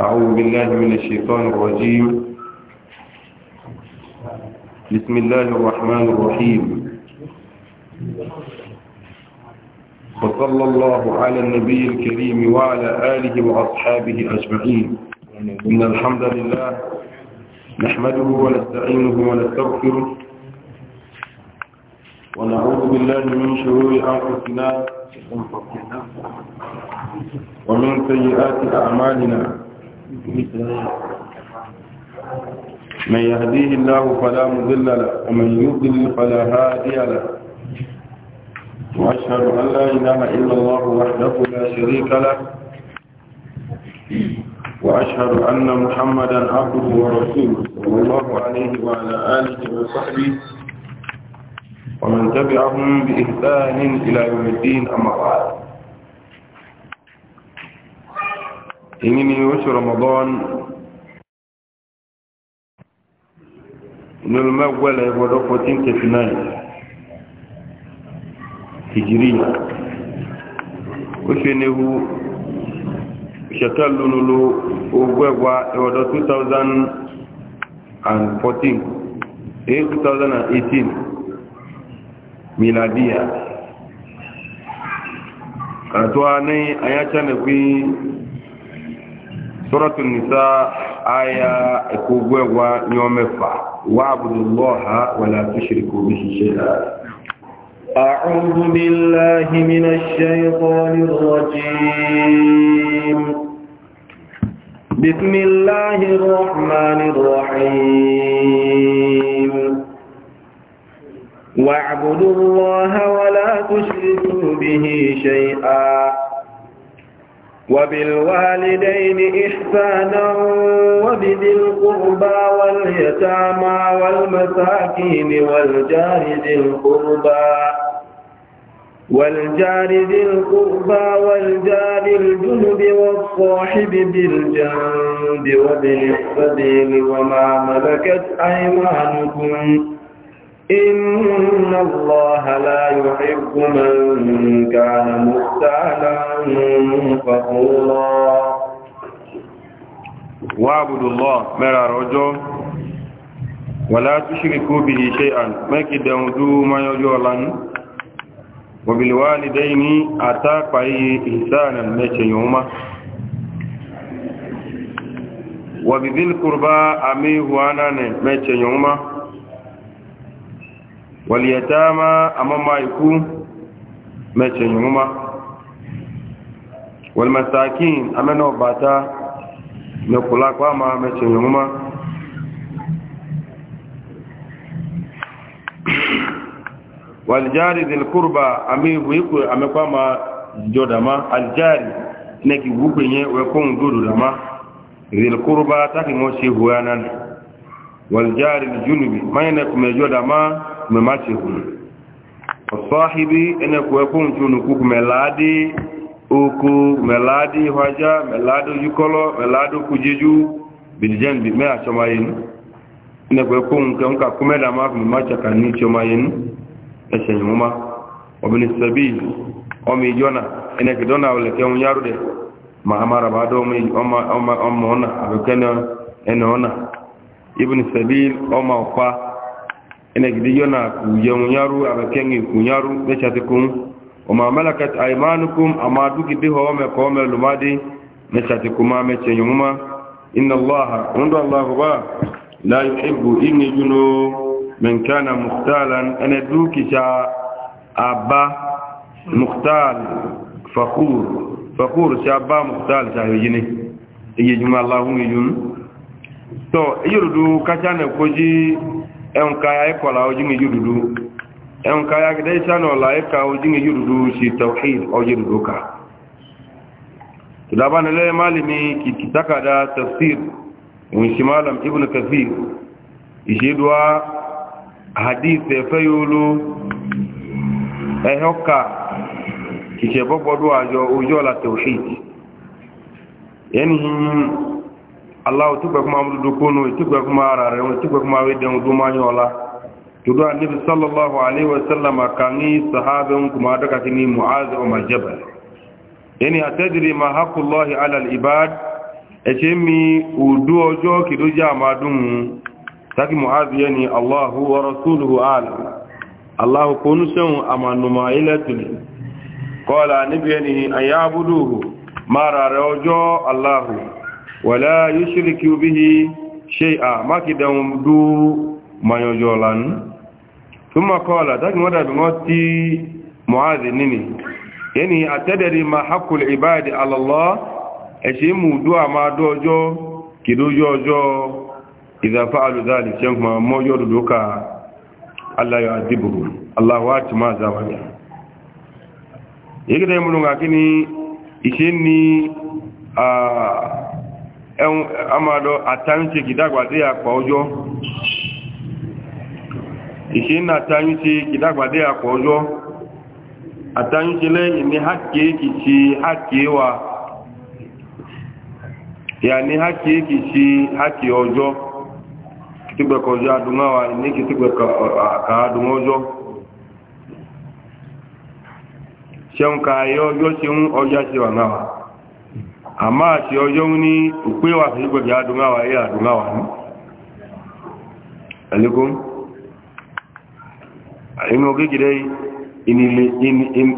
أعوذ بالله من الشيطان الرجيم بسم الله الرحمن الرحيم وصلى الله على النبي الكريم وعلى آله وأصحابه أجمعين إن الحمد لله نحمده ونستعينه ونستغفره ونعوذ بالله من شرور أنفسنا ومن سيئات أعمالنا من يهديه الله فلا مضل له ومن يضل فلا هادي له واشهد ان لا اله الا الله وحده لا شريك له واشهد ان محمدا عبده ورسوله صلى الله عليه وعلى اله وصحبه ومن تبعهم باحسان الى يوم الدين اما بعد èyí ni oṣù ramadan ní olùmọ̀gbẹ́lẹ̀ ìwọ́dọ̀ 1439 ìjìrí oṣù enehu ṣẹ̀tẹ́ lónúlò ogwẹ́gwa ìwọ́dọ̀ 2014 èyí 2018 miladiya kàtọ́ ní ayáchánà pín سورة النساء آية كوبوا يوم فا واعبدوا الله ولا تشركوا به شيئا أعوذ بالله من الشيطان الرجيم بسم الله الرحمن الرحيم واعبدوا الله ولا تشركوا به شيئا وبالوالدين إحسانا وبذي القربى واليتامى والمساكين والجار ذي القربى والجار ذي القربى والجار الجنب والصاحب بالجنب وبن السبيل وما ملكت أيمانكم إن الله لا يحب من كان مختالا فخورا واعبدوا الله مرى رجو ولا تشركوا به شيئا ما كدوا ما يجوا لن وبالوالدين أتى إحسانا ما يوما وبذي القربى أميه وأنا ما يوما واليتامى أمام يكون مشيهما والمساكين أمام نوباتا نقلاك وما مشيهما والجاري ذي القربى أمام يكون أمام جودما الجاري نكي وكنيه ويكون جودما ذي القربى تاكي موشي هوانا والجاري الجنوبي ما ينكم جودما mẹ́mátìhùn ọ̀sọ́hìbí ẹnẹ́kù ẹkùn tí onùkúkù mẹ́láàdé oko mẹ́láàdé ìhwájá mẹ́láàdé ojúkọ́lọ́ mẹ́láàdé okùjẹjú bìlìjẹ́nbì mẹ́ àṣọmáyẹnu ẹnẹ́kù ẹkùn kẹ́ńkà kúmẹ́dà máa fún mẹ́mátsaka ní ìṣọmáyẹnu ẹ̀ṣẹ̀ ìmúmá ọ̀bìnrin sẹ́bí ọmọ ìjọ́nà ẹnẹ́kù dọ́nà ọ̀lẹ̀kẹ́hun yárú dẹ̀ mahamara bá dọ́ ọmọ ọ̀nà ọmọ ọ̀pá inagidi yona kuyenyaru abekengi kunyaru mechatikum oma malakat aimanukum ama dugidi hoome koome lumadi mechatikuma mechenyumuma inna allaha undu allahu ba la yuhibbu inni juno man kana mukhtalan ana dukisha abba mukhtal fakhur fakhur shabba mukhtal shahijini iyejuma allahu yun to yurudu kachana koji ẹnkaya ikọ̀lá ojúmọ̀ yìí dúdú ẹnkaya gidẹ́ ìṣánà ọ̀la ẹka ojúmọ̀ yìí dúdú ṣe tawhid ọjọ́ dúdú ká tùdábánilẹ́ málìmí kìtàkàdá tafsir òun ṣe ibn kafir ìṣèdúwá hadith ẹ̀fẹ́ yóòló ẹ̀họ́ka kìṣẹ̀bọ́gbọ́dọ̀ àjọ ojú ọ̀la tawhid yẹni hin aláwọ̀ tó gbẹ̀kú máa dúdú kónú tó gbẹ̀kú máa ara rẹ̀ wọn tó gbẹ̀kú máa wé dẹun tó máa yán ọlá dúdú àníbi sallallahu alaihi wasallam ka ní sahabin kuma daga ti ní mu'azi o majaba yẹni àtẹ́dìrí ma hakullahi alal ibad ẹ̀ṣẹ́ mi ùdú ọjọ́ kìdó jẹ́ àmàdùn sáki mu'azi yẹni allahu wa rasuluhu alam allahu kónú sẹ́hun àmànùmá ilẹ̀ tuli kọ́lá níbi yẹni àyàbùdù mara rẹ̀ ọjọ́ allahu wala yushriku bihi shay'a makidan du mayojolan thumma qala dak moda bi ngoti muadh nini ma haqqul ibadi ala allah eshi mu du ama dojo kidu jojo idha fa'alu dhalik shan kuma mojo duka allah yu'adhibuhum allah zawani a amado atanyuti kidagbade akpa ọjọ ìṣe ń atanyuti kidagbade akpa ọjọ atanyuti lẹ́yìn ní hákìí wa ìyà ní hákìí hákìí ọjọ kìtìgbẹ̀kọ̀ kìtìgbẹ̀kọ̀ ọjọ ṣe wà àmá àti ọjọ́ ní òpé wà sí gbẹ̀gbẹ̀ adùnmáwà yẹ adùnmáwà ní ẹ̀lẹ́kùn inú gígidẹ́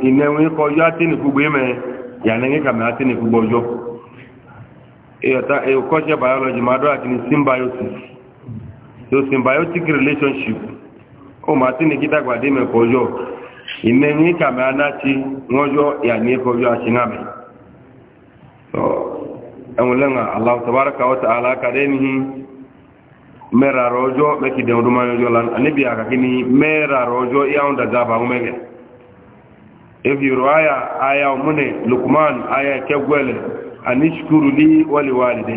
ìnẹ̀wọ̀n ikọ̀ ọjọ́ àtínì gbogbo ẹ̀mẹ́ yànẹ́gẹ́ kàmẹ́ àtínì ọjọ́ ẹ̀kọ́ṣẹ́ biology madọ́ àti ní symbiosis symbiotic relationship ó ma tí ní kídàgbàdé mẹ́kọ̀ ọjọ́ ìnẹ̀wọ̀n ikàmẹ́ anáti wọ́n yọ yànẹ́kọ̀ ọjọ́ àṣínámẹ́ ẹ̀wọ̀n aláwọ̀ tàbárakà wata aláka dẹ́nihi mẹ́ràrọ̀ ọjọ́ mẹ́kìdẹ̀ ọdún máa yọjọ́ lánàá àkàkí ni mẹ́ràrọ̀ ọjọ́ yáwọn dàgbà bá wọn mẹ́gẹ̀ efi aya omume lukman aya kẹgbẹ́lẹ̀ anishkuru ní wọ́lẹ̀wọ́lẹ̀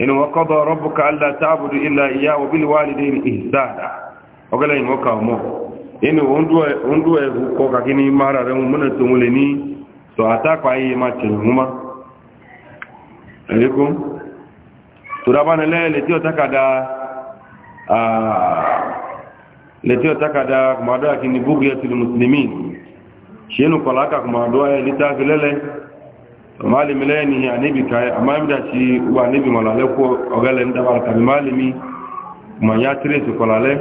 إن وقضى ربك ألا تعبد إلا إياه وبالوالدين إحسانا أقول إن وقامو إن وندو أهوكوكا كني مارا رمونا تمولني سواتاك وعي ما تنهما عليكم ترابان الله التي أتكدا التي أتكدا كما دعا كني بغية المسلمين شينو قلاكا كما دعا لتاك لله malami na yanihi a nabi kayi amma yamda ci wa nabi malale ko ogalen da barka mi malami ma ya tire su kolale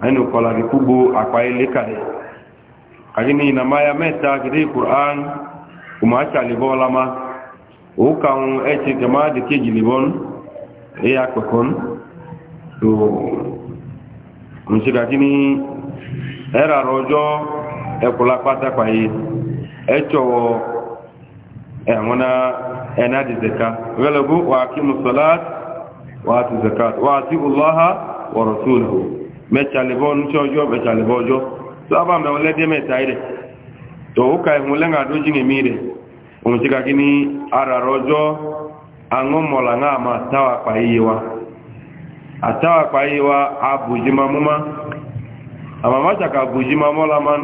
ainu kolale kubo akwaye lekare kagini na maya meta gidi qur'an kuma acha libo lama o kan e ci jama de ke gilibon e ya kokon to era rojo e kula pata kwaye ẹ̀wọ́nà eh, ẹ̀nàdì eh, zaka gẹ́lẹ̀gú wà kí musulat wà ti zakat wà tí ọlọ́ha wà rọ̀túnhù mẹ́tàlẹ̀bọ́ níṣọ́jọ́ mẹ́tàlẹ̀bọ́jọ́ tó a bá mẹ́wọlẹ́dẹ́ mẹ́ta rẹ̀ tó ó ka ìhun lẹ́nà àdójì ní mìírẹ̀ òun ti kàkí ní ara rọjọ́ àwọn mọ̀lá náà máa táwà pàáyé wa àtáwà pàáyé wa àbùjímamúmá àmàmáṣàkà àbùjímamọ́lá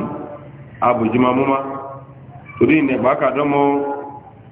torí ìnẹ̀gbákàdọ́mọ́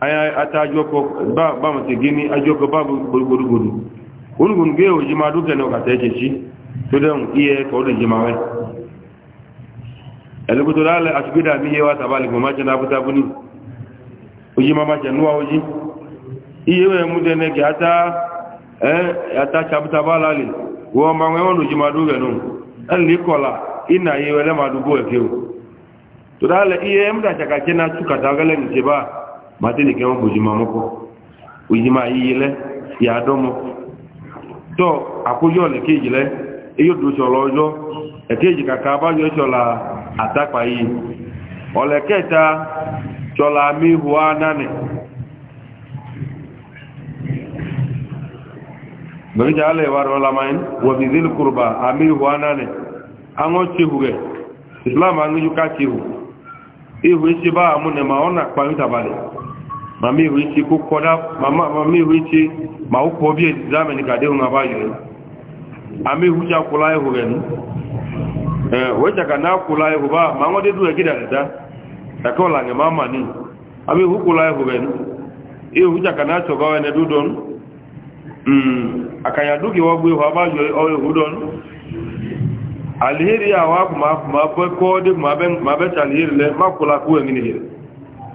aya ata ajoko ba ba matigini ajoko ba gbogbogbodu olugun gbe oji ma duke na okata echechi to dem iye ko de jima we elugudu dale asbida mi yewa tabali ko maje na buta buni oji ma maje nuwa oji iye we mu de ne gata eh ata chabuta balali wo ma we onu jima duke no eli kola ina yewe le madugo eke o to dale iye mu da chakachena tukata galen jeba matini kẹ́ wọn gbòjì máa mọ́kọ́ òjì máa yíyí lẹ́ yà á dọ́mọ́ tọ́ àkójọ́ ọ̀lẹ̀ kéjì lẹ́ eyó dòṣọ lọ́jọ́ ẹ̀kéjì kàkà abájọ́ ṣọlá àtàkpà yìí ọ̀lẹ̀ kẹta ṣọlá mihùwá nánì gbẹ̀rẹ̀jà alẹ́ ìwà rẹ̀ ọ̀làmà yìí wọ̀bí zílì kùrùbà àmì ìhùwá àwọn ṣehù rẹ̀ ìsìlámù àwọn ẹ̀yọ́ ká ṣehù ihu ichi ba amụ na ma ọ na-akpa ntabalị ma ma ihu ichi kụkọda ma ma ihu ichi ma ụkwụ obi examen ka dịhụ na bayọ ama ihu chi akwụla ihu gị ee wecha ka na akwụla ihu ba ma nwa dịdụ egide adịda taka e ọla gị ma ma ni ama ihu kwụla ihu gị ihu chi aka na achọga ọya na edudon hmm, akanya dụ gị ọgbụ ihu abayọ ọya ihu don alihiri awa kuma kuma bɛ kɔɔdi kuma bɛ kuma bɛ ti alihiri lɛ ma kula k'u yɛŋini yɛrɛ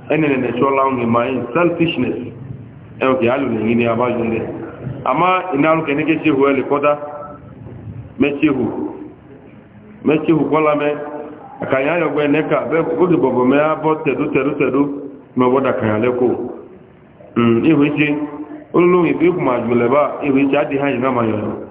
ɛni nɛnɛ sɔla ŋun ma ye selfishness ɛn kì í alu nɛŋini a b'a yun dɛ ama inalu kɛ ne ke sehu ɛli kɔda mɛ sehu mɛ sehu kɔla mɛ a ka nya yɔgbɛ ne ka bɛ o de bɔbɔ mɛ a bɔ tɛdu tɛdu tɛdu mɛ bɔ da kanya lɛ ko hun ihu tse olóhùn ìbí kuma jùlɛ bá ihu tse adi hàn yìí ŋa ma yɔrɔ.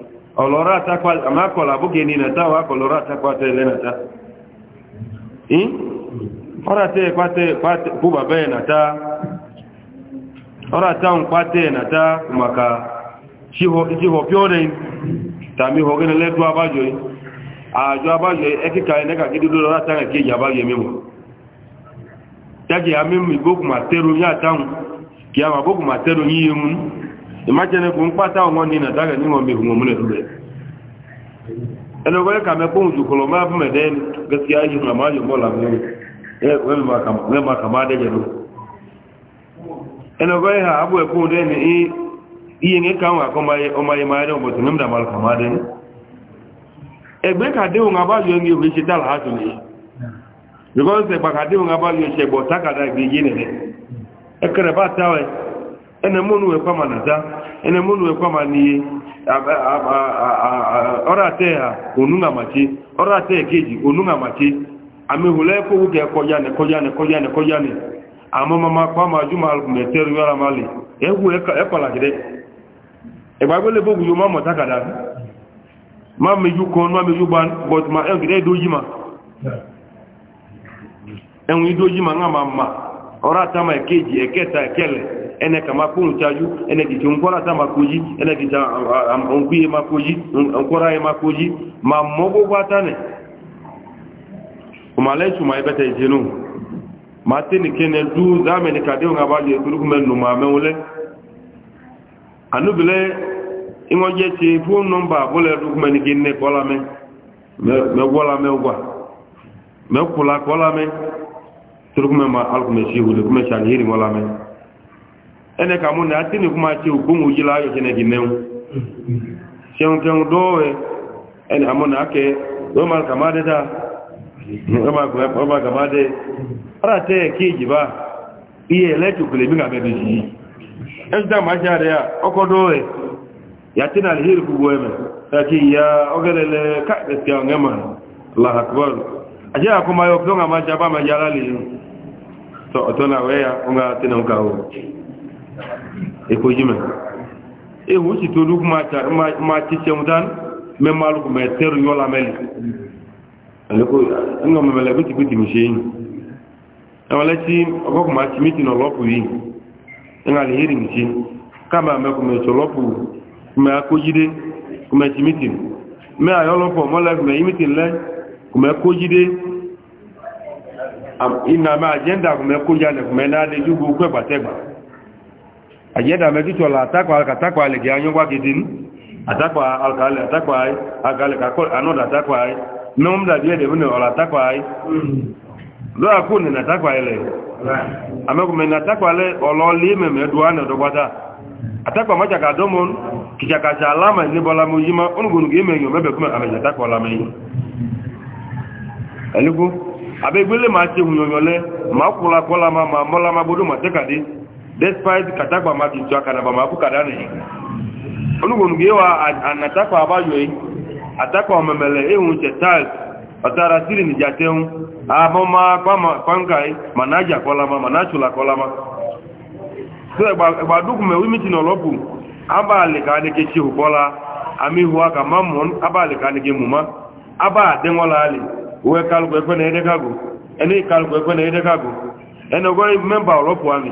ọlọ́rọ̀ àtàkwà àmàkọ̀lá bókè ní nàta wà kọlọ́rọ̀ àtàkwà tẹ́lẹ̀ nàta ọ̀rọ̀ àtẹ́ kó bàbá ẹ̀ nàta ọ̀rọ̀ àtàun pàtẹ́ nàta màkà síhọ̀ píọ́rẹ̀ tàbí ọ̀gẹ́nà lẹ́tọ́ abájọ́ àjọ abájọ́ ẹkíkà ẹnẹ́kà kí dúdú lọ́rọ̀ àtàrà kí èyà abájọ́ mímọ̀ tẹ́kì àmì ìgbókùnmà tẹ́rù yí àtàun kì ìmájẹni kò ń pàtà ọmọ ní nàdága ní wọn mẹ́fún ọmọ ẹ̀rùlẹ̀ ẹni wọ́n kà mẹ́kún òjòkòlò máa fún ẹ̀dẹ́ gẹ́sì ayé ìrìnà máa yọ̀ mọ́lá mẹ́mà kà máa dẹ́jẹ̀ lọ ẹni wọ́n ha abú ẹ̀kún ọdẹ́ ni iye ń ká wọn àkọ́ ọmọ ayé òun abájọ ní òwe ṣe dàlá hàtù ni because ẹgbà kàdé òun abájọ ẹkẹrẹ bá táwọn ene monu we kwa manaza ene monu we kwa maniye ora te ha onunga machi ora te e keji onunga machi ame hule ko uge ko ya ne ko ya ne ko ya ne ko ya ne amo mama kwa majuma al meteru yara mali ewu e, e kwa lagide e gba gele bogu yo mama takada mama yu kon mama yu ban but ma e gide ma enwi doji ma nga mama ora tama e keji eketa ekele ene kama kunu chaju ene ki chunkora ta makuji ene ki onkuye ah, ah, ah, makuji onkora ye makuji ma mogo gwatane umale chuma ibete jinu matini kene du zame ni kade nga baje turukume numa meule anubile ingoje ti phone number bole turukume ni kinne kola me me wala me ugwa me kula kola me turukume ma alkume shi hulu kume shanhiri mola me ene ka mu na tini kuma ce hukumu jila ya kene gineu ke e! dowe ene na ake do mal kama da da ngama ko ko ba kama ara te ba iye letu kule mi ga be ji ezda ma jare ya oko dowe ya tina alhir ku goyeme e ya ogelele ka gaskiya Allah akbar yo ma jaba ma jalali to weya unga ekojime ehu si todu kuma ma ti semutan me malu kuma teru yola meli aleko nga memele biti biti ti ọkọ e, kuma ti miti na ọlọpụ yi nga le hiri nchi kama me kuma eti ọlọpụ kuma akojide kuma ti miti me ayọ ọlọpụ miti me ajeda mekitu la atakwa alkatakwa alege anyogwa kidin atakwa alkale atakwa agale kakol anoda atakwa nomda biede bune ola atakwa lo akuni na atakwa ile amekume na atakwa le ololi meme duane dogbata atakwa macha ka domon alama ni bola mujima onugunu gemenyo mebe kuma ameja atakwa la meyi eligo abegbele ma se hunyonyole ma kula kola ma ma mola ma despite katakpa ma kitu aka na bamaku kadane onugonu gewa anatakpa abayo yi atakpa omemele ehun che tiles atara siri ni jateun aboma pama pankai manaja kolama manachula kolama so egba duku me wimiti no lopu abale ka ne ke chihu bola ami huwa ka mamon abale ka ne ke muma aba dengola ali we kalgo ekwe na edekago ene kalgo ekwe na edekago ene go member lopu ami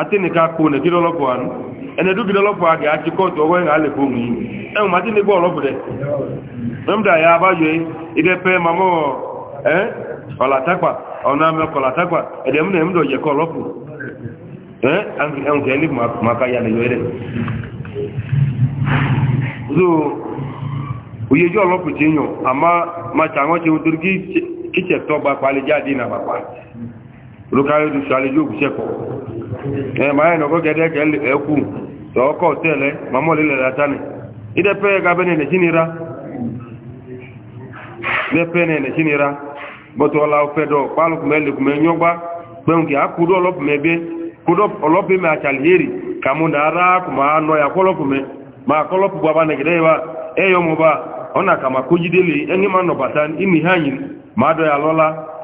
atịnịka kpo e e? e na egide ọlọpụ anụ enedugide ọlọpụ a ga-achị kọtụ ọgwọ ya ga-alekwa onwe ihe enwe m atịnịgba mda ya abayo idepe mamọ ee ọlatakpa ọnamẹ kọlatakpa ẹdẹm na emdọ yẹ kọ ọlọpụ ee ẹnkẹ ní maka ya lẹyọ ẹdẹ so oyeju ọlọpụ ti yàn àmà màtí àwọn ṣe nítorí kí kìtẹ̀ tọ́gba palẹ̀ jáde olùkárí ti ṣàlẹ̀ yóò kú ṣẹ́kọ̀ ẹ̀mà ẹ̀nà ọgọ́ gẹ́dẹ́gẹ́ ẹkù ọkọ̀ tẹ́lẹ̀ mamọ́lélẹ̀ látánì ìdẹ́pẹ́ gabẹ́nẹ̀ nìjínira lẹ́pẹ́nẹ̀ nìjínira bọ́tọ̀ ọlá ọfẹ́dọ̀ pálùkùnmẹ́lẹ̀kùnmẹ́ ọ̀nà kàmà kó ẹni ma nọ̀bàtà ní ìhàyìn ma dọ̀ ya lọ́la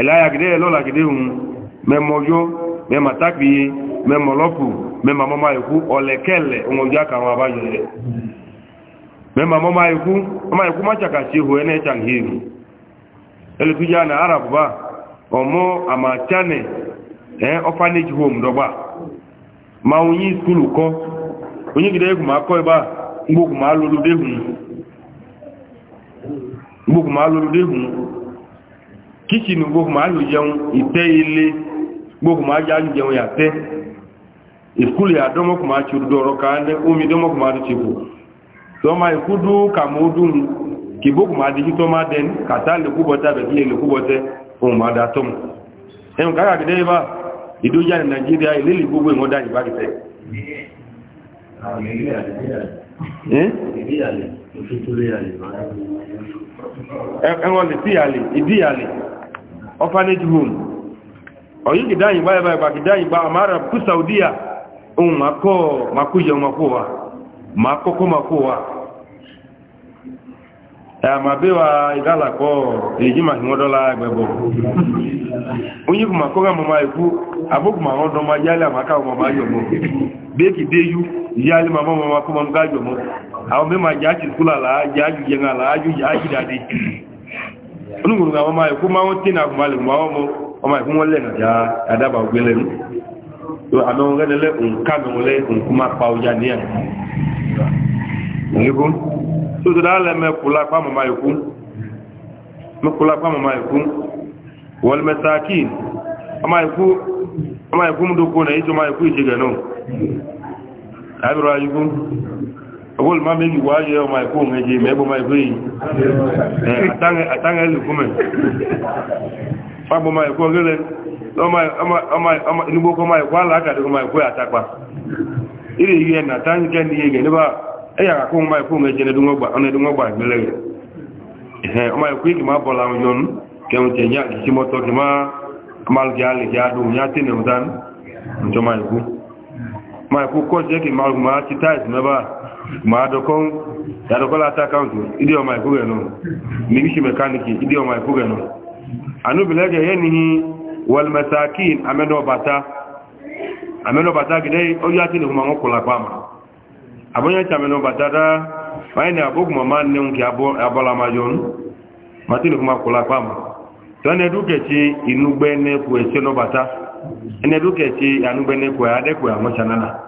ẹ̀láyàgídé lọ́làgídé hun mẹ́mọ́jọ́ mẹ́màtàkìyé mẹ́mọ́lọ́pù mẹ́màmọ́má ikú ọ̀lẹ̀kẹ́lẹ̀ ọmọjọ́ àkàwọn abájọ́ rẹ̀ mẹ́màmọ́má ikú ọmọ ikú máṣàkà sí ihò ẹ̀nẹ́ ìtàn hìrù ẹlẹ́tújá na ma onye skulu kọ́ onye kíchìnì gbogbo máa lò jẹun ìtẹ́ ilé gbogbo máa já lò jẹun yàtẹ́ ìskúlì àdọ́mọ́kù máa ti rúdọ̀ ọ̀rọ̀ ká ní omi dọ́mọ́kù máa ti bò tọ́ máa ikú dú kàmódún kì gbogbo máa di títọ́ máa dẹni kàtà lèkúbọ̀tẹ́ àbẹ̀kílẹ̀ lèkúbọ̀tẹ́ ohun máa da ẹ̀wọ̀n lè sí ìyàlè ìdí ìyàlè orphanage home ọ̀yí kìdáyìn báyìí báyìí bá kìdáyìn bá àmàrà kú saudiya ohun makọ́ makúyẹ makówa makọ́kọ́ makówa ẹ̀mà bí wa ìdálàkọ́ èyí máa hìwọ́n dọ́lá ẹgbẹ̀bọ̀ onye kò makọ́ gá mọ́má ikú abúkù máa wọ́n dọ́má yálẹ̀ àmàkà mọ́má yọ̀mọ́ bẹ́ẹ̀kì déyú yálẹ̀ mọ́má mọ́má la mọ́má yọ̀mọ́ àwọn mẹ́ma jáàkì skúlà láàájú yẹn onúgbòrò àwọn ọmọ ẹ̀kú máa ń tí ní àgùnmọ́ àlèmọ́ ọmọ ọmọ ẹ̀kú wọn lẹ́nà já àdábà ògbélẹ̀ mi tó àmì ohun rẹ́nilẹ́ nǹka mi wọlé nǹkú máa pa ọjà ní ẹ̀ nígbó tó tó dáa lẹ́mẹ̀ kúlá pa mọ̀mọ́ ẹ̀kú mẹ́kúlá pa mọ̀mọ́ ẹ̀kú wọ́n mẹ́ta kí ọmọ ẹ̀kú mú dókòó náà èyí tó ọmọ ẹ̀kú ìṣègùn náà agol ma meji wa ma ko me je me bo ma ko yi atange atange kuma fa bo ma ko gele ma o ma ni ma ala ka de ko ko atakwa. ire yi na tan ndị ni ye ne ba e ya ko ma ko me ne dungo gba ne dungo gba gele eh o ma ko ki ma bola on yon ke te nya ki mo ki ma ali nya ti ko ko je ki ma dokon ya dokola ta account idi o mai kuge no migishi mekaniki idi o mai kuge anu bilege yeni wal masakin amendo bata amendo bata gide o ya tini huma ngokola kwama abonya cha amendo bata da maina abogu mama ne unki abo abola majon matini huma kola kwama tone duke chi inugbene ku eche no bata ene duke chi anugbene ku adekwe amocha nana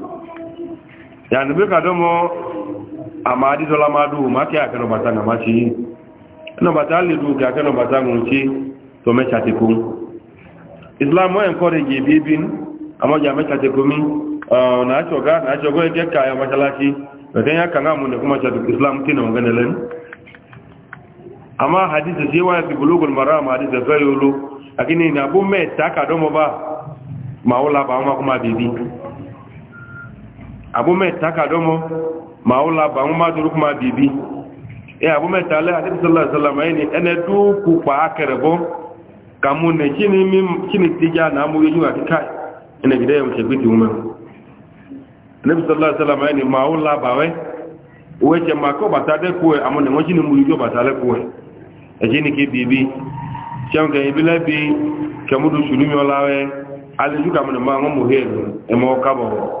yàtọ̀ bí kàdọ́mọ́ àmà àdídọ́lá máa dùn má kí àkẹnàbàtà nà má ṣe ẹnàbàtà lè dùn kí àkẹnàbàtà ń ṣe tó mẹ́ta ti kú islam wọ́n encourage bí bí àmọ́jà mẹ́ta ti kú mi islam kí nà ọ̀gẹ́ nìlẹ́nu àmà àdíṣẹ́ sí wáyé fi bulugul maram àdíṣẹ́ fẹ́ yóò ló àkíní ìnàbó mẹ́ta kàdọ́mọ́ abúmẹ̀ta kàdọ́mọ́ ma ó la bà ń má dorúkú ma bìbí ẹ abúmẹ̀ta alẹ́ àdébísọ́lá ìsọ́lámà ẹni ẹnẹ dúkù pa akẹrẹ̀bọ́ kàmú nẹ kíni tíjá náà mú yíyún àkíká ẹnẹ bìdẹ́ yẹn ṣẹ̀gbẹ́ ti wúmẹ́ àdébísọ́lá ìsọ́lámà ẹni ma ó la bà wẹ́ òwe ṣe ma kọ́ bàtà dẹ́kù ẹ àmọ́ nẹ̀wọ́n kíni mú yíyún bàtà lẹ́kù ẹ ẹ̀jẹ̀ ni ké bìbí ṣẹ́wọ̀n ìbílẹ̀ bi kẹmúdu sùlùmí ọ̀la wẹ́ alẹ́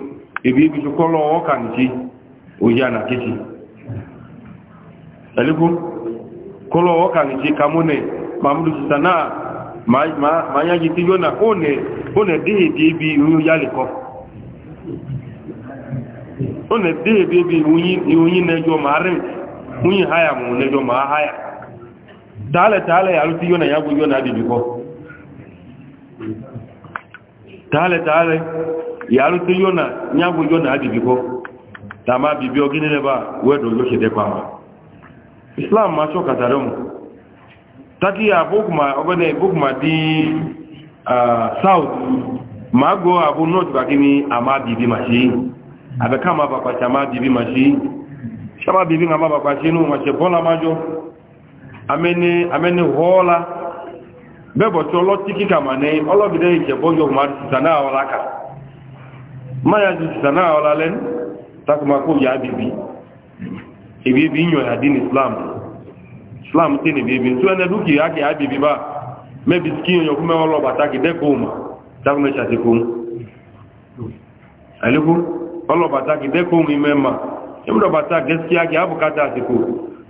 ebi ibi tó kọ́lọ́ ọkà nìtí òyà nà kéṣì ẹ̀lẹ́kú kọ́lọ́ ọkà nìtí kamúnẹ̀ mamudu sisana ma yá jí tí yóò nà ó nẹ̀ déèdé ibi òyà lè kọ́ ó nẹ̀ déèdé ibi òyìn nẹjọ ma rìn múyìn háyà mú nẹjọ ma háyà tààlẹ̀ tààlẹ̀ yàrá tí yóò nà yàgbó yóò nà dìdì tààlẹ̀ tààlẹ̀ yarute yona nyago yona adi biko tama bibi ogini leba wedo yoshe de kwa islam ma choka tarom tati ya bukma obene bukma di uh, south mago abu north bakini ama bibi mashi abeka ma baba chama bibi mashi chama bibi ngama baba chinu mache bola majo amene amene hola bebo cholo tiki kama ne ologide je bojo mar sana wala ka maya ji sana ọlalen takumako ya bibi ebe bi yọ ya din islam islam ti ni bibi tí wọ́n dúkì ya kì ya bibi bá mẹ́bi kí yọ kú mẹ́wọ́ lọ́ba tá kì dẹ́kọ̀ ọmọ takumẹ́ ṣàtìkún àlékún ọlọ́ba tá kì dẹ́kọ̀ mẹ́ma ìmúdọ̀ba tá gẹ́sí ya kì ya bùkátà àtìkù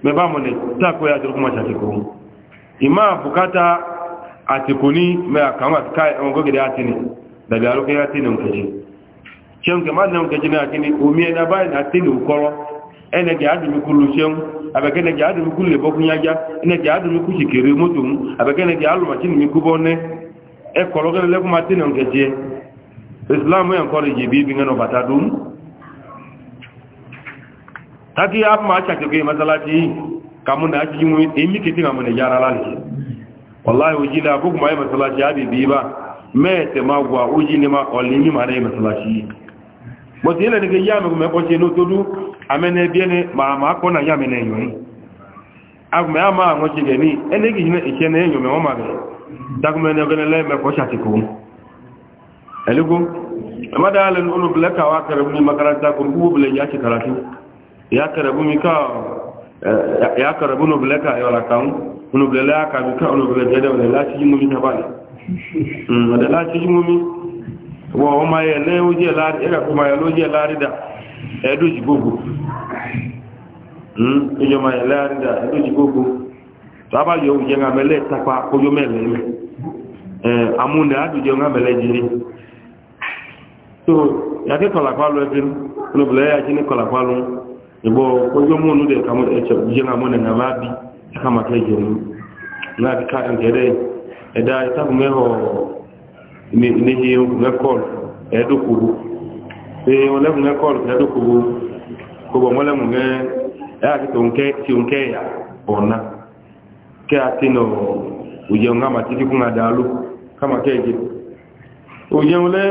mẹ́bá mọ̀ ní tako ya dúkù mọ̀ ṣàtìkún ìmá bùkátà àtìkù ní mẹ́ àkàwọn àti ká ẹ̀wọ̀n gọ́gẹ̀dẹ̀ àti seun ke madam ke jina kini omi ena bai na tilu koro ene ke adu kulu seun abeke ne ke adu kulu le bokunya ja abeke ne ke alu machin mi kubone e koro ke le kuma tinu ke je islam en koro je bi bi ngano batadum taki ap ma cha ke wallahi ujila buku ma masalati abi bi ba me te magwa uji ma olimi ma ne masalati bọ̀tí ilẹ̀ nìkan yá mẹ́kùnmẹ́ ọ̀ṣẹ́ inú tó dú amẹ́nẹ́ bí ẹni màmá kọ́nà yá mẹ́nẹ́ èèyàn yìí agùnmẹ́ àmà àwọn ṣe gẹ̀ ní ẹnẹ́gì ìṣẹ́ ní èèyàn mẹ́wọ́n màbẹ̀ dákùnmẹ́ni ọgẹ́ni lẹ́mẹ́kọ́ ṣàtìkò ẹ̀lúgbó ẹmọ́dáyàlẹ́nu olùbìlẹ́kà wá kẹrẹ̀ fún mi makaranta kò kúwó bìlẹ̀ wọ́n ọmọ ayẹ lẹ́yẹ ẹgbẹ̀kọ́ ayẹ ló jẹ́ láàrídà ẹ̀dùjì gbogbo ìjọba hmm, ayẹ láàrídà ẹ̀dùjì gbogbo tàbáyọ òjẹ́ àmẹ́lẹ́ tapa kójọ mẹ́lẹ́ amúnẹ̀ àdùjẹ́ àmẹ́lẹ́ jìrì tó yàtí kọlàpálù ẹbí lóbìlẹ̀ yà jí ní kọlàpálù ìbọ̀ kójọ múnú dẹ̀ kàmú ẹ̀chẹ̀ jẹ́ àmúnẹ̀ nàbá bí kàmàkẹ́ jẹun náà bí ká ẹ̀dá ìtàkùn neji ngekol edu kubu e ole ngekol edu kubu kubo mole ya ki tonke ki unke ya ona ke atino uje ngama tiki kunga kama keje uje ole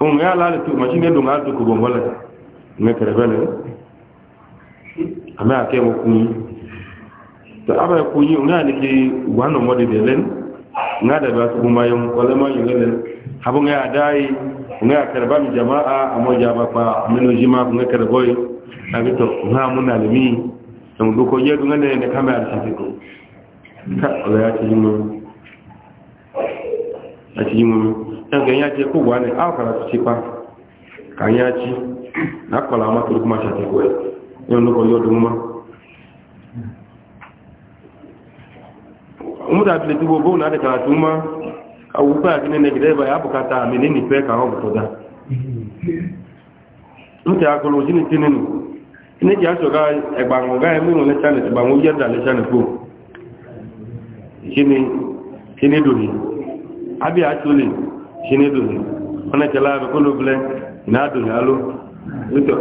unge ala tu machine wano nga da ba su kuma yin kwalama yin lalin abin ya dai nga karba mi jama'a a moja ba fa mino jima nga karbo yi a bito nga mun alimi don duko je dunga ne ne kamar shi ko ka ola ya ci mu a ci dan ga ya ce ko wa ne a fara ci fa kan ya ci na kwalama kuma shi ko yi don duko yo dunga muda bile tubo bo na de kana tuma au pa kine ne ya bukata amini ni pe ka ho butoda muta akolo jini tinenu ne ja so ga e ngo ga le chane ba won je da le chane ko jini jini do ni abi a to le jini do ni ona kala be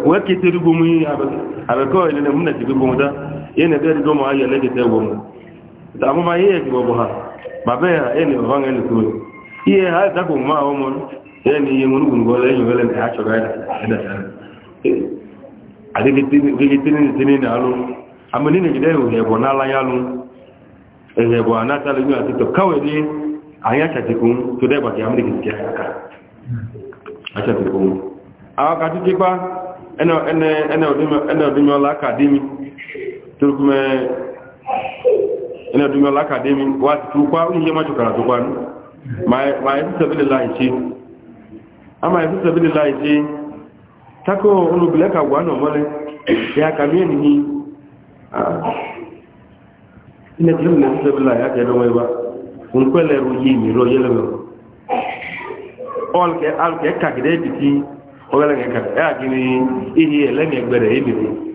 wa ke mu ya ba ile na ti rugo mu da ne ke te amụma ihe gbogbo ha ma be ha eni ọba nwe lukwu ihe ha dakwu e ma ahụ mụ eni ihe nwere ugwu ngwọla enyi nwere ha chọrọ adịghị e, tini na alụ ama nile gide ehuhe bụ n'ala ya ha ehuhe bụ anatala ihe atụtụ ha dị anyị achatikwu tụdee gbata ya mmadụ gị aka achatikwu àwọn kàtí tí pá ẹnẹ ọdún mọ́lá kàdí mi tó kú mẹ́ ina dumi wala akademi wa tu kwa ni karatu ma ya la chi ama ya sabilillahi chi tako unu bilaka wa no ya kamie ni ina dị na ya kebe unkwele ruji mi ro yele olke alke ogele ya gini ihi elemi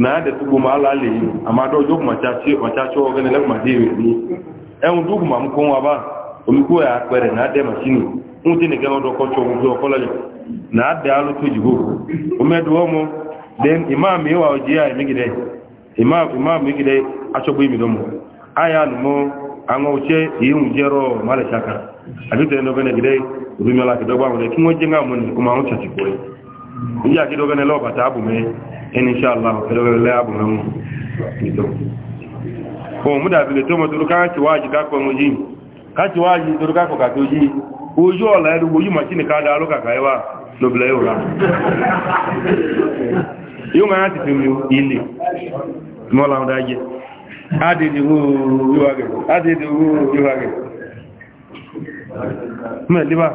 na da tugu ma ala le yi ọjọọ do jogu ma chachi ma chacho ma dewe ni en dugu ma mko wa ba o ya kwere na adị machine un ti na ga do ko cho do na de alụ tu jigo o me do mo den imam ya wa o ji ai mi gide imam imam a cho bu jero na gide ke do na ne ìyá kí dọ́gẹ́ nílọ́ bàtà àbùmẹ́ ẹni ṣáàlá ọ̀fẹ́lọ́gẹ́ lẹ́ àbùmẹ́ mú ìtọ́ ohun múdàbí lè tó mọ̀ torí káàkiri dákọ̀ ọmọ yìí káàkiri wáyé torí káàkọ̀ kàtó yìí ojú ọ̀la ẹrù ojú màṣínì ká dá lókàkà ẹwà lóbìlẹ̀ yóò rà yóò máa ti fi mi ilé mọ́lá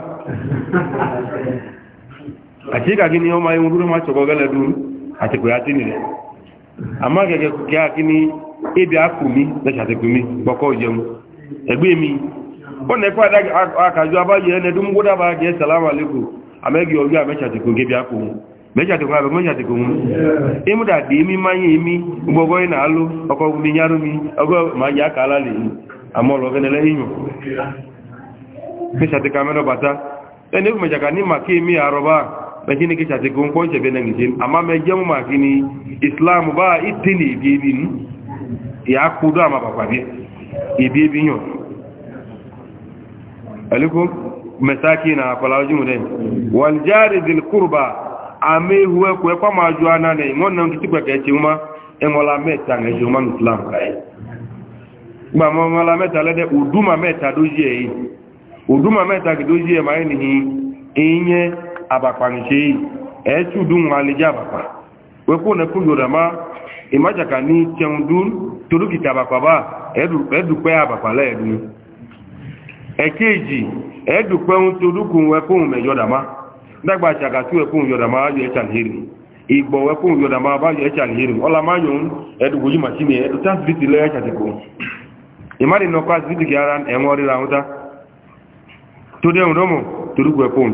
àtíkà kí ni ma ayé múrú ma ṣọ̀kọ́ gẹ́lẹ̀ dúró àtìkò yá tí nìlẹ̀ àmá gẹ̀gẹ̀ kí a ni ebi akù mi lẹ́ṣàtìkù mi gbọ́kọ́ jẹun ẹgbẹ́ mi ó nẹ́kọ́ àkàjọ abáyẹ ẹnẹdún gbódábà jẹ́ sàlámà lẹ́kọ̀ọ́ àmẹ́gì ọjọ́ àmẹ́ṣàtìkù na akù wọn mẹ́ṣàtìkù abẹ mẹ́ṣàtìkù mi mi mi mi mẹ́tí ní kí ṣàtẹ̀kù ń pọ́ǹṣẹ̀ bẹ́ẹ̀ nẹ́mì sí àmá mẹ́jẹ́ mú máa kí ni islam bá ìtì ní ìbí ebi nù ìyá kúdó àmà pàpà bí ìbí ebi yàn ẹ̀lẹ́kọ́ mẹ́sáàkì náà àpàlà ojú rẹ̀ wọ́n jáde dìl kúrùbà islam káyé gbàmọ́ wọn la mẹ́ta lẹ́dẹ̀ òdúmà mẹ́ta dójú ẹ̀ yìí òdúmà mẹ́ta kì dójú abakpa nche etu dun alija abakpa wekwo na kuyo da imajaka ni cheun dun toru kita abakpa ba edu edu pe abakpa la edu ekeji edu pe un toru kun wekun mejo da ma dagba chaka tu wekun yo da ma yo echa hiri igbo wekun yo da ma ba yo echa hiri ola ma yo edu goji machine edu tasbiti le echa tiko imari no kwa zidi gyaran enwori la huta to de ndomo toru kwekun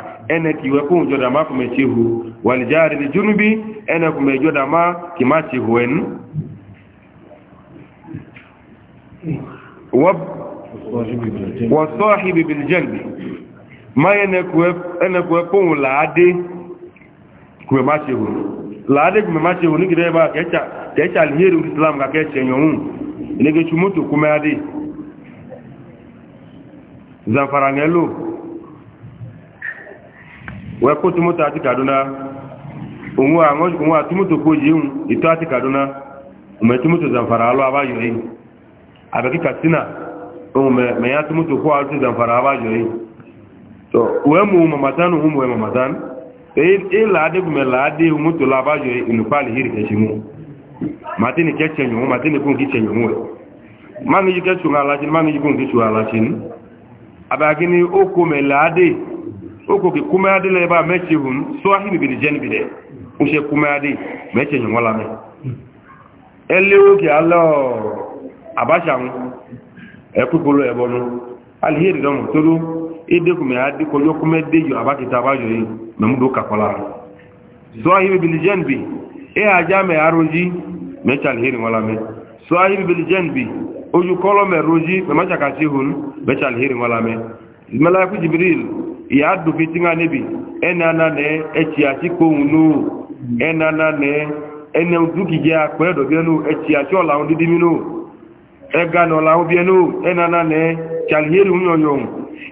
ene kiwe kun joda ma kuma ci hu wal jari li junubi ene kuma joda ma ki ma ci hu wa sahibi bil janbi ma ene kuwe ene kuwe kun laade kuma ma ci hu laade kuma ma ci hu ni gide ba kecha kecha alheri islam ga kecha nyonun ne ke chumutu kuma ade zamfarangelo wee kótó moto àti kaduna òun àti moto kojì ń ìtọ́ àti kaduna òun àti moto alọ́ abájọ yìí àbẹ̀kí katsina òun mẹ̀yà àti kó àti zamfara abájọ yìí tó wee mú mamatan òun mú ẹ mamatan èyí làádé gùnmẹ̀ làádé moto la abájọ yìí ìnùpá lè hírí kẹsì mú màtíni kẹ́ tiẹ̀ yòówù màtíni kún kí tiẹ̀ yòówù ẹ̀ mánu yìí kẹ́ tún yìí kún kí àbẹ̀kí ni ó kó oko ki kumadi le ba mechi hun swahili bi jen bi de o se kumadi mechi hin wala me ele o ki allo abasha hun e ku bolo e bonu alheri don tulu ide ku me adi ko yo kuma de yo abaki ta ba yo yi me mu do ka kola swahili bi jen bi e aja me aroji mechi alheri wala me swahili bi jen bi oju kolo me roji me ma chaka si hun mechi alheri wala me malaku jibril ya dufi tinga nebi enana ne echi achi kpohunu enana ne ene dukije akpere do bienu echi achi ola diminu ega na ola bienu na ne chalheri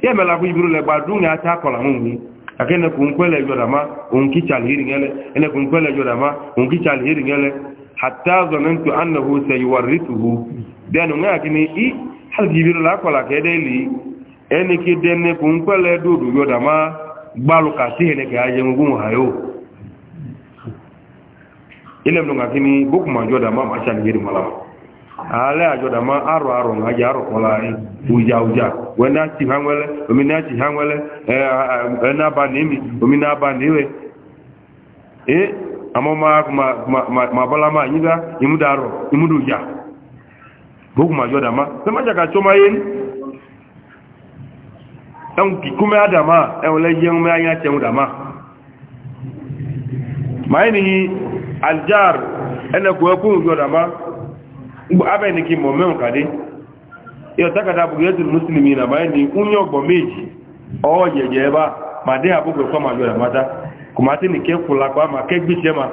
ya mela ku iburu le gbadu nga acha kola hunhu akene ku nkwele jodama unki chalheri ngele ene ku nkwele jodama unki chalheri ngele hatta zanantu annahu i hal la kola ẹni kí dẹni kò ń pẹ́lẹ̀ dòdò yọ̀dà máa gbálùkà sí ẹnẹ́kẹ̀ ajẹmogún àyò ilẹ̀ mìíràn kí ni bókùnmà yọ̀dà máa máa ṣàlìyèrè mọ́láwà ààlẹ́ àjọ̀dà máa àrọ̀ àrọ̀ ajá àrọ̀ kọ́lá ìjà ọjà wẹ́nà ti hánwẹ́lẹ́ omínà ti hánwẹ́lẹ́ ẹ̀ẹ́nà ẹ̀hùn kìkúnmẹ́ àdàmà ẹ̀hùn lẹ́yẹun mẹ́ ayá tẹ̀hùn dàmà máa ní aljar ẹnẹkù e ẹkùn òjò dàmà gbọ́ abẹ́nìkì mọ̀ mẹ́hùn kàdé ìyọ̀tákàdá bugẹ́tù musulmi na máa ní únyọ̀gbọ̀ méjì ọwọ́ yẹ̀yẹ̀ ẹbá ma dé àbúkù ẹ̀kọ́ ma jọ dàmátá kò máa tí ní kẹ́kù lápá ma kẹ́gbíṣẹ́ ma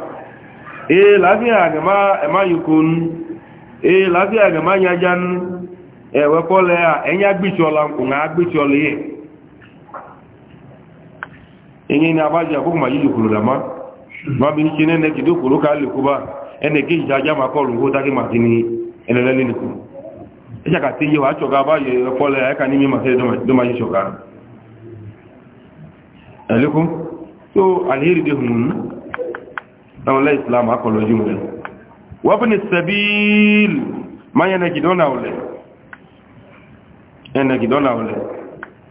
ee láfíà àgbẹ̀má ẹ̀má yukun ee láfíà àgbẹ̀má yájá ẹ̀wẹ̀kọ́ lẹ́yà ẹ̀yà gbíṣọ́lá nkùnà gbíṣọ́lẹ́yẹ̀ enye ni abaji akoko ma yili kulu lama ma bi nche nene kido kulu ka le kuba ene ke jaja ma ko lungo ta ke ma kini ene lele ni ku e ja ka ti yo acho ga ba ye ko le ka ni mi ma se do ma so alheri de hun tawo islam akolo jumle wa ibn sabil ma yana gidona ole ene gidona ole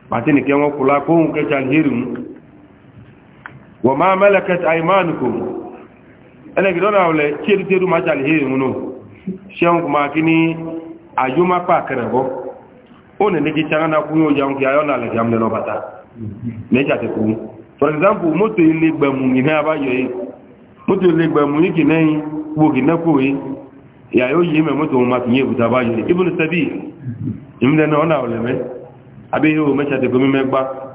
batini ke won kula ko un ke wa ma malakat aymanukum ele gidona ole chedu chiri ma chali he ngunu shem kuma kini ajuma pa krebo one ne gichana na kuyo jam ki ayona le jam le lobata ne chate ku for example moto ile gbamu ni na ba yo moto ile gbamu ni kinai wo kina ko yi ya yo yi me moto ma yebu buta ba yo ibnu sabi imde na ona ole me abe yo me chate ku mi me gba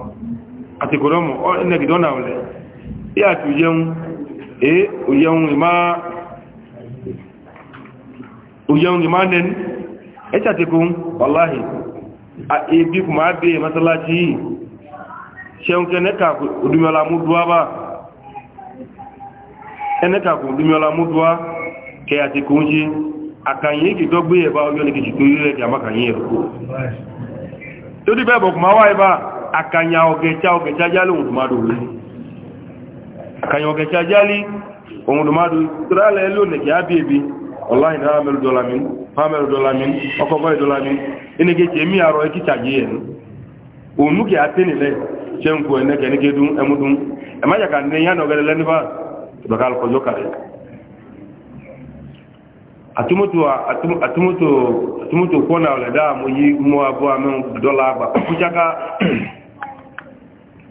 àti kòrọ́mù ẹnẹ́gìdọ́nà ọ̀lẹ̀ tí àti òyẹun èé òyẹun ìmá nẹni ẹ̀ṣà ti kún wàláhì ebi kù máa bí mẹ́sàlájí ṣeun kẹ nẹ́kà òdúmọ́lá múdúwá bá ẹnẹ́kà kù òdúmọ́lá múdúwá kẹ àti kún ṣe àkànyé ìgbẹ́gbẹ́ ẹ̀bá ọjọ́ ní kìí tó yẹ́ ẹ̀kẹ́ ẹ̀kọ́ akanya ogecha ogecha jali ngudumadu a ogecha jali ngudumadu trala elo ne jabibi wallahi na dolamin amel dolamin okoboy dolamin ene ge jemi aro ekichaji yen onu ge atene le chenku ene ke ne ge dun emudun e ne ya no gele le nifa dokal ko jokale atumutu atumutu atumutu kona ole da yi amen kuchaka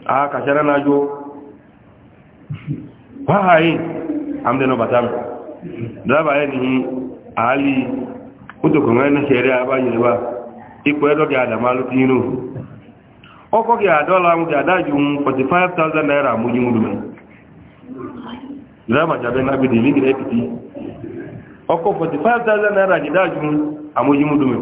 a kàṣẹ́rẹ́ náà jó wáhàáyé àmdẹ̀nà bàtàmù dábàá ẹni àálì útòkùnrin ẹni ṣẹ̀rẹ́ abáyẹ̀lẹ́wà ipò ẹ́dọ́gẹ̀ àdàmálú tí inú ọkọ̀gẹ̀ àdọ́là mú gẹ̀ àdájú 45,000 naira mú yímú lùmẹ̀ dábàá jàbẹ́ náà gbèdè 45,000 naira gẹ̀dájú àmójímú lùmẹ̀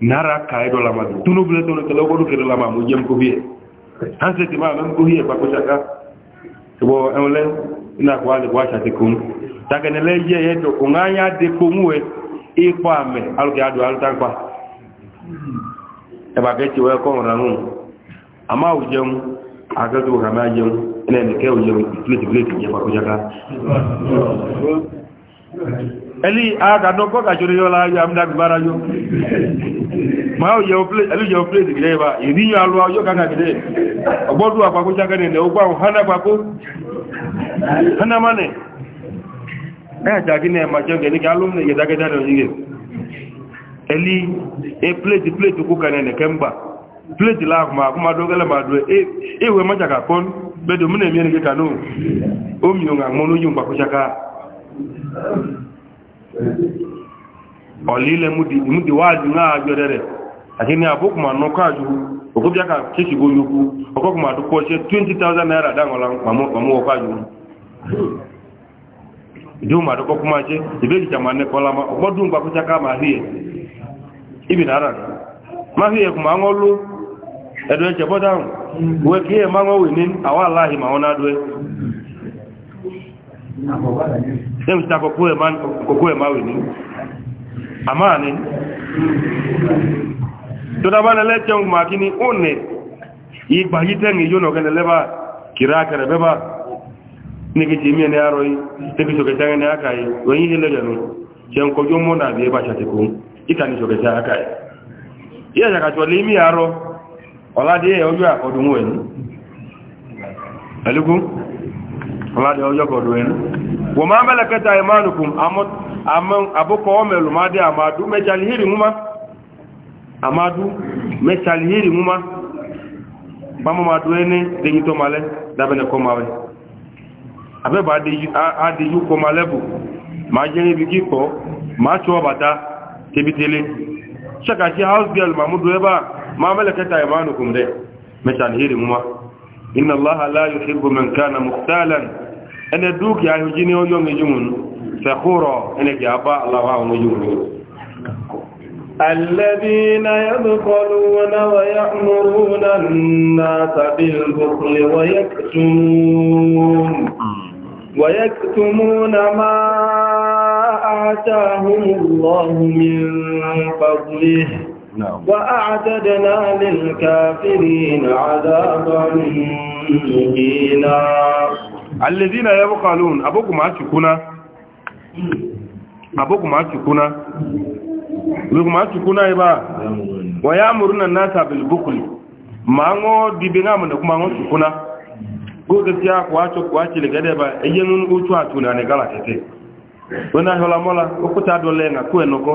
nara ka do lama tunu kele lama mu ko biye hanse ti ma mem ko hiye ba ko chaka bo enle ina ko ale wa chate kun taka ne le ye ye do ko nganya de ko muwe e ko ame alu ke adu alu e ba ke ti we ko ama u do ma ne ke u ba eli aga ah, do ko ga jori yola ya mda gbara yo ma o yo play eli yo play gide ba ini yo alu yo ga gide apa ko jaga ne o gba o hana mane eh jagi ne ma jenge ni ne jaga da eli e play di play ko ga ne kemba play di la ma kuma do gele ma do e e we ma jaga kon bedo mune mi ne ke kanu o mi nga ngonu yumba ko jaga ọ̀lílẹ̀ múdi wáàjú náà àjọ rẹ̀ na ní àbókùnmà nọ́kọ́ àjú òkúbíákà kéṣì bó ukwu ọkọ́kùnmà ma pọ̀ ṣe 20,000 naira ma pàmú ọkọ́ àjú ndị àdọ́kọ́ kú ebe ṣe ma ìjàmà nẹ́kọ́lá ọgbọ́dún gbàkúṣáká máa ma ibi ẹ̀rù ti ta kòkó ẹ̀ máa wè ní àmá ní tọ́dábá ní ẹlẹ́tẹ̀un máa kí ní ó nẹ̀ ìgbà yí tẹ́yìn yóò nà ọ̀gẹ́nẹ̀ lẹ́bà kìrá kẹrẹ bẹ́bà ní kí ti mí ẹni àárọ̀ yìí tẹ́bí ṣòkẹta ẹni àkàyè lóyìn ilẹ̀lẹ́nu jẹun kọjú mọ́nà àbí ọlọ́dẹ ọjọ́ gọ̀dọ̀ ẹnu wọ́n máa mẹ́lẹ̀kẹta ìmánukùn àbúkọ ọmọlù máa dé àmàdú mẹ́tàlìhìrì múmá àmàdú mẹ́tàlìhìrì múmá pàmò máa dúró ní déyìn tó malẹ́ dábẹ́lẹ̀ kọ́ malẹ́ abẹ́bà adéyú kọ́ malẹ́ bù máa jẹ́ níbi kíkọ́ máa tún ọbàtà tebitele ṣẹ́kàtí house girl إن الله لا يحب من كان مختالا أن دوك يا هجيني يوم يجون فخورا أن جابا الله وهم يجمون الذين يبخلون ويأمرون الناس بالبخل ويكتمون ويكتمون ما آتاهم الله من فضله وأعتدنا للكافرين عذابا مهينا الذين يبخلون أبوكم أتكونا أبوكم أتكونا أبوكم أتكونا إبا ويأمرون الناس بالبخل ما ngo dibina mun kuma ngo tukuna go gaskiya ku ato ku aci le gade ba eyenun utu atuna ne gala tete wona hola mola ko ta do lenga ku enoko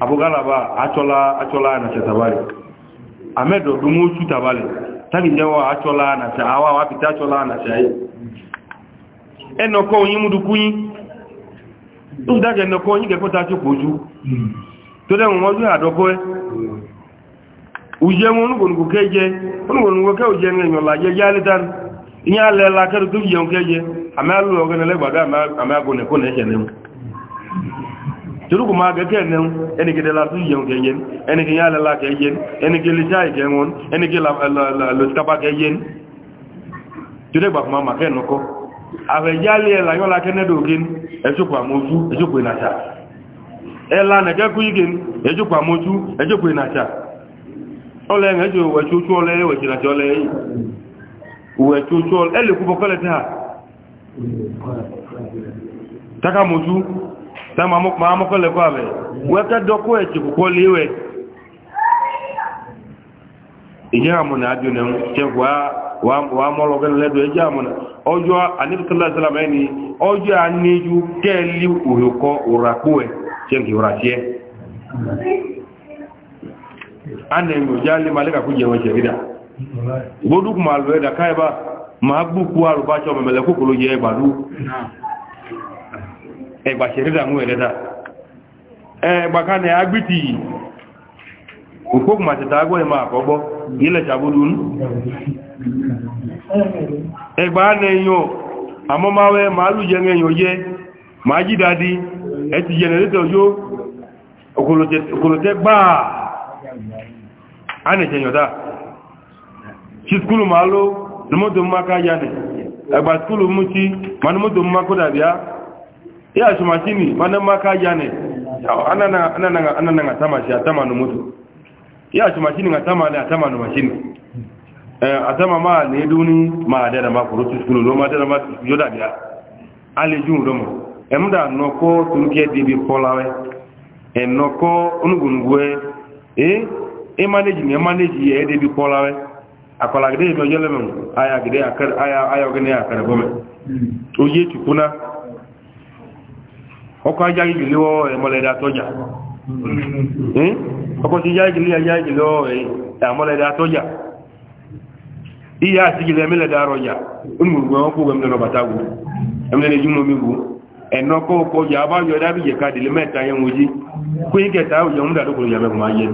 abugalaba achọla achola na chetabali amedo dumuchu tabali Ta ndewa achọla na cha awa wapita achọla na cha yi enoko onyi mudukunyi ndaje enoko onyi gekota chukuju to de oju adoko e uje won nugo nugo keje nugo nugo ke uje nge nyola je jali lela keru tu je amalu ogene le gbaga amago na ko ne che turu ma ga ke nan ene ke la sun yon ke yen ene ke yala la ke yen ene ke lija ke ngon ke la lo skapa ke yen tude ba kuma ma ke noko ave yale la yola ke ne dogin e ju kwa moju e ju kwa nacha e ne ke ku yigin e ju kwa moju e ju kwa nacha ole nge ju we chu chu ole we jira jole we chu chu ku bokole ta taka moju E na ma mọ́kọ́lẹ̀ kọ́ àbẹ̀ wẹ́kẹ́ dọ́kọ́ ẹ̀tì kòkọ́ léwẹ̀ ìjẹ́ àmúnà àjúnà tẹ́kù wà mọ́lọ́gẹ́ lẹ́dọ̀ ẹjẹ́ àmúnà ọjọ́ anìbìtìláṣẹ́lámẹ́ ni ọjọ́ aníjú kẹ́ẹ̀lì òyòkọ́ òràkú ẹ̀ tẹ́kù òràṣẹ́ anẹ̀mì òjá lé malẹ́kà kú jẹun ẹ̀ṣẹ̀ rídà gbódùkù màlúwẹ́dà káyẹ̀bá máa gbùkú àrùbáṣọ́ mẹ̀mẹ̀lẹ́kòkòrò jẹ ẹgbàdú ẹgbà ṣẹ̀rídà mú ẹ̀lẹ́dà ẹgbà ká ní agbìtì òkókù màtí tààgọ́ àkọ́gbọ́ nílẹ̀ ṣàbúdú ẹgbà nẹyàn àmọ́máwẹ́ màálù jẹ́ngẹ̀yàn jẹ́ màá ẹgbà skúlù mú ma ní mọ́tò mú kó dàbíá iya shi makini wannan ma ka gane anana ga tama shi a tama no mutu iya shi makini ga tama ne a tama no makini eh, a tama ma ne duni ma da da ma kurutu sukulu lo ma da da ma yoda biya alejun romo emda noko tunke dibi polawe enoko onugunugwe eh, e e manage ne manage ye dibi polawe akola gide me yele me aya gide akar aya aya gine akar bome hmm. oye tukuna ọkọ̀ ajá ìjìlé wọ́ ẹ̀mọ́lẹ̀dà tọ́jà hmm? ọkọ̀ ti já ìjìlé ajá ìjìlé ẹ̀mọ́lẹ̀dà tọ́jà iya àti ìjìlé ẹ̀mẹ́lẹ̀dà rọjà onímọ̀gbọ̀n ọkọ̀ ẹ̀mẹ́lẹ̀ rọ̀bàtà wù ẹ̀mẹ́lẹ̀ jùmọ̀ mi wù ẹ̀nà ọkọ̀ ọkọ̀ ọjà abájọ dábì jẹ̀ka dìlé mẹ́ta yẹn wọ́jí kó yín kẹta ọjà ń dàdókòrò yàmẹ́ fún ayé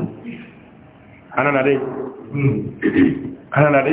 ananadé ananadé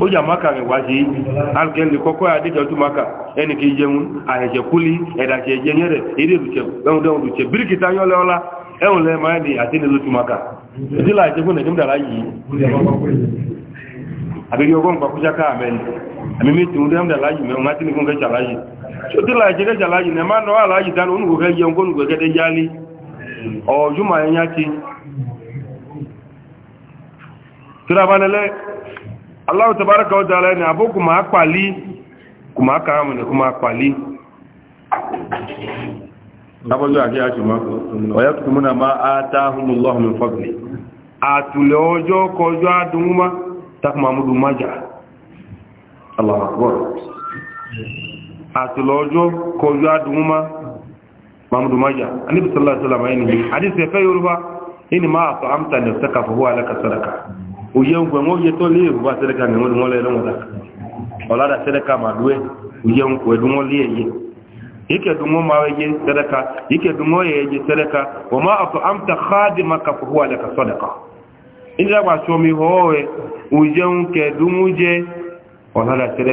oja maka rẹ̀ wá ṣe alkẹ́lì kọ́kọ́ àdíjọ́ tó maka ẹni kì í jẹun àẹ̀ṣẹ̀ kúlí ẹ̀dàṣẹ̀ ẹ̀jẹ̀ yẹn rẹ̀ èdè ìrùṣẹ̀ ẹ̀hùndẹ̀hùn ìrùṣẹ̀ bíríkìtà yọ́lẹ̀ ọlá ẹ̀hùn lẹ́ máa ní àti nílò tó maka ìdílà ẹ̀ṣẹ̀ fún ẹ̀dẹ́mdà láyìí àbírí ọgọ́n pàkúṣáká àmẹ́ni àmì Allah tabaraka wa ta'ala ni abu kuma akwali kuma aka amu ne kuma akwali abin zuwa ke yaki ma wa ya tuku muna ma a ta hunullahu min fagli a tule ojo kojo adun ma ta kuma mudu maja Allah oye ŋkɔ ŋo ye tɔ lee ruba sɛlɛ ka ŋo ŋo lɛ lɔŋɔ la ɔla da sɛlɛ ka ma doɛ oye ŋkɔ duŋɔ lee ye ike duŋɔ ma ye sɛlɛ ka ike duŋɔ ye ye sɛlɛ ka o ma ato am ta xaadi ma ka fɔ ko ale ka sɔlɛ ka ina ba sɔmi hɔɔɛ oye ŋkɛ duŋɔ jɛ ɔla da sɛlɛ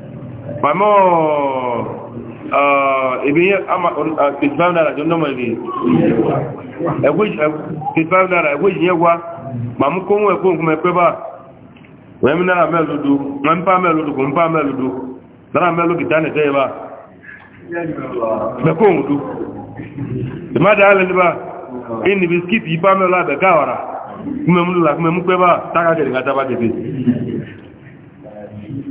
màmá ìbí kìtìfáì náírà jọ nọ́mọ̀ ìbí kìtìfáì náírà ẹgbẹ́ wọ́n mi náírà mẹ́lòdó wọ́n mi pa mẹ́lòdó kò ń pa mẹ́lòdó náírà mẹ́lòdó kìtìfáì náírà ẹ̀bá mẹ́kọ́ òun dó ìmáda alẹ́ níbà ẹni bisikíìtì yìí pa mẹ́lòdó àbẹ̀ká ọ̀rà kúmẹ̀mú lọ́la kúmẹ̀mú pẹ́ bá tákàkẹ́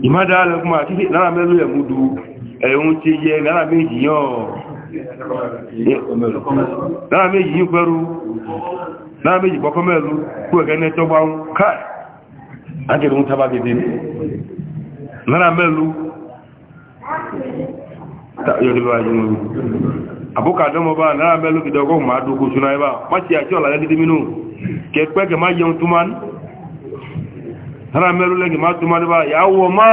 ìmádá alẹ́kùnmá títí lára mẹ́lú ẹ̀múdú ẹ̀hún ti yẹ lára méjì yàn lára méjì yí pẹ́rú lára méjì pọ́kọ́ mẹ́lú kú ẹ̀kẹ́ ní ẹjọ́ gbáhún káì ágẹ̀rún tábà gẹ̀dẹ̀ lára mẹ́lú àbúkàdọ́mọba lára mẹ́lú kìdọ̀gọ́ hara mẹ́rú lẹ́gì má tó máa níbà yàwó má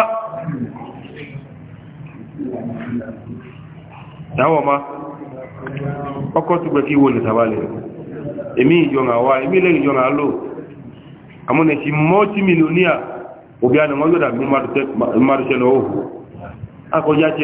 yàwó má ọkọ̀ tó gbẹ̀ kí wo lè sàbálẹ̀ èmi ìjọna wá èmi lẹ́gì ìjọna lò àmúnẹ̀ sí mọ́tí mílíọ̀níà òbí àná wọ́n yóò dàbí márùsẹ̀ lọ́wọ́ akọjá ti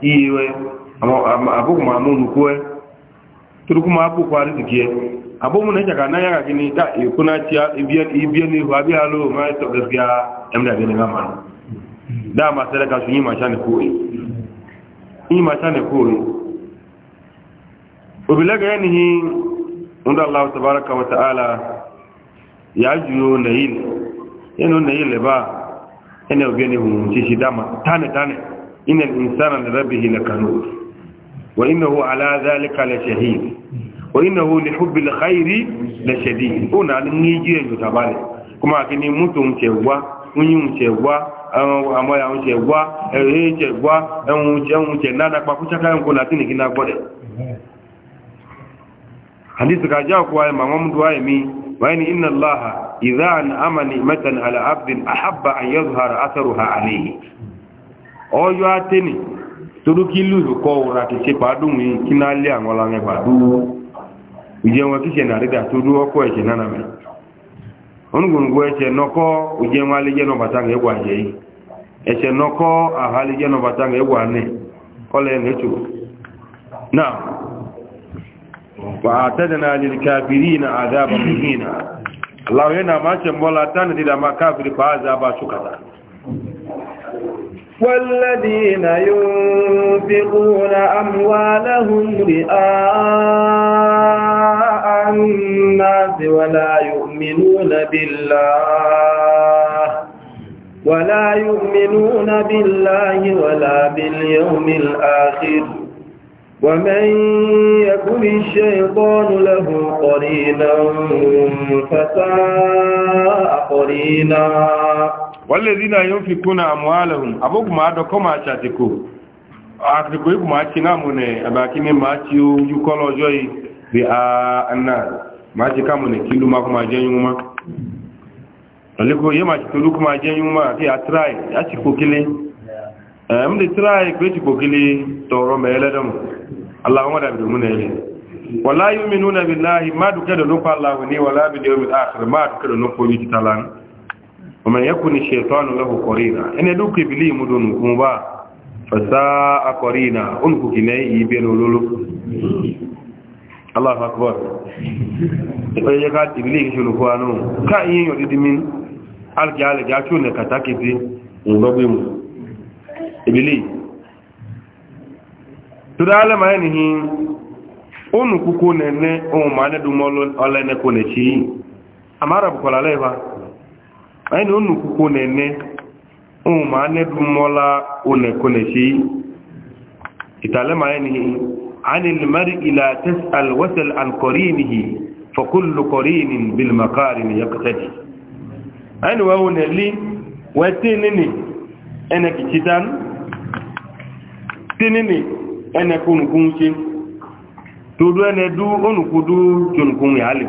iwe abuku mamunu kwe turuku mabu kwa rizikie abomu na chaka naya lakini ta kuna tia ibian ibian ni wabi alo ma to gaskiya emda gani ngama da ma sare ka shunyi ma shane kuri ni ma shane kuri ubilaga yani hi unda allah tabaraka wa taala ya juyo na ile yeno na ile ba ene ubeni hu chishi dama tane tane إن الإنسان لربه لكنوز وإنه على ذلك لشهيد وإنه لحب الخير لشديد هنا نيجي نتبالي كما كني متون تشوا ونيون تشوا amoya ń ṣe wá ẹ̀rẹ́ ṣe wá ẹ̀hùn jẹun jẹ náà pàkúṣáká ẹ̀kùn láti nìkí náà gbọ́dẹ̀. àdísìká jẹ́ ọkọ̀ ayẹmà wọn mú ayẹmí wáyé ní iná láha ìzáà ní àmà ní mẹ́tàn al'abdin àhábà àyẹ́zù ọjọ́ àtẹ́nì torúkí lùlù kọ òrà kì ṣe pàádùnmí kí náà lé àwọn ọlọ́run ẹgbà dúró ìjẹ wọn kí ṣe nàrídà tó dúró ọkọ̀ ẹ̀ṣẹ̀ náà mẹ́ onígbòǹgbò ẹ̀ṣẹ̀ nọkọ́ òjẹ́ wọn alẹ́jẹ́ náà bàtà rẹ̀ wà jẹ́ yìí ẹ̀ṣẹ̀ nọkọ́ àhálẹ́jẹ́ náà bàtà rẹ̀ wà nẹ̀ kọ́lẹ̀ nẹ́tò náà والذين ينفقون أموالهم رئاء الناس ولا يؤمنون بالله ولا يؤمنون بالله ولا باليوم الآخر ومن يكن الشيطان له قرينا فساء قرينا walladhina yunfikuna amwalahum aboku ma do koma atiko mune ni ma kolo bi a anna ma chi kamune kilu ma kuma jenyuma aliko ye ma chi tulu kuma jenyuma ti atrai achi kokile eh mde trai kwe chi kokile toro mele dum allahumma da bi munele wala yu'minuna billahi ma dukada nufa allah ni wala bil yawmil akhir ma dukada nufa ومن يكن الشيطان له قرينا ان دوك بلي مدون كوبا فساء قرينا انكو كني يبين لولو الله اكبر اي يغا شنو كوانو كا يين يودي مين alki alki aki ne katakiti ngogbe mu ibili tura onu kuku nene ohun ma amara anyị na unu kwukwo na-ene ụmụ ma anedụ mmụọla oneko na-echi italema anyị عن المرء لا تسأل وسل عن قرينه فكل قرين بالمقارن يقتدي أنا وأنا لي وتنني أنا كتان تنني أنا كون كونشي تدو أنا دو أنا كدو كون كون يعلي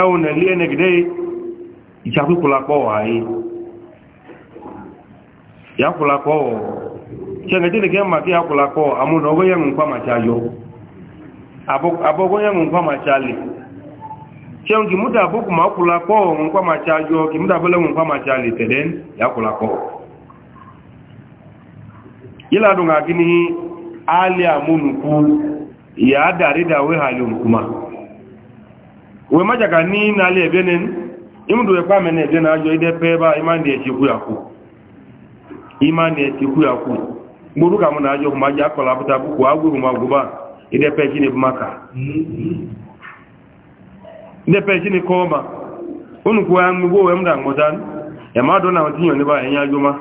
ẹ̀hùn nẹ̀lé ẹnẹ̀gẹ̀dẹ́ ìṣàkúkùlápọ̀ wáyé yàkùlápọ̀ ṣẹ̀gẹ̀dẹ́gẹ̀ màkí yàkùlápọ̀ àmúnà ọgọ́yẹ̀mù pàmàṣà yọ abọ́gọ́yẹ̀mù pàmàṣà lè ṣẹun kì múdà bókù máa kùlápọ̀ ọ̀hún pàmàṣà yọ kì múdà bọ́lẹ̀mù pàmàṣà lè tẹ̀lẹ́ yàkùlápọ̀ yíládùn àkíní alẹ́ àmúnukú ìyá dàrídàwé hàlẹ́ òmùkúmá we maja ka ni na ali ebenen imdu we kwa mene ebenen ajo ide peba imani e chiku yaku imani e ya yaku muru ka muna ajo kuma ja kola buta ku kwa guru ma guba ide pe jini maka ide pe jini koma unu kwa ngugo we mda ngodan ya ma do na tinyo ne ba enya juma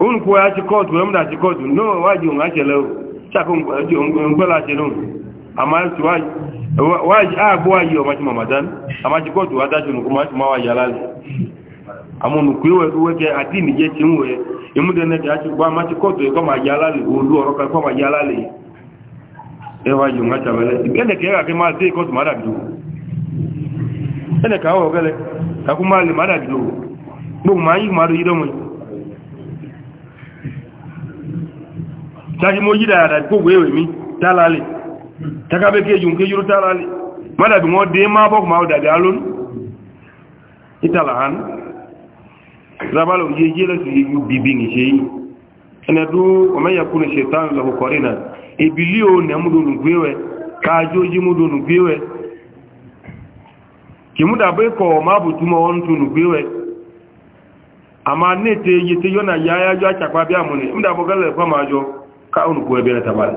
unu kwa chi court we mda chi court no waji unga chelewo la ngwela chelun amma su waji a buwa yi wa mashi mamadan amma ji kotu wa daji mawa ya lali amma nuku yi wa ruwa ke adini je cin we imu da nake aci ba mashi kotu ya kama kama ya lali ewa yi ma gele ka kuma le mara biyu gbogbo ma yi ma do yi ta yi mo yi da yada gbogbo ewe mi dalale takabe keju nke juru mada bi won ma bok ma o dabi alun itala rabalo ye jele su yu bibi ni sei ene du o me yakuna shaytan lahu qarina ibili e o ne mudu nu gwewe ka joji mudu nu gwewe ki muda be ko ma bu tuma won tu nu gwewe ama nete yete yona yaya jo achakwa bi amune muda bogale kwa majo ka unu gwewe tabali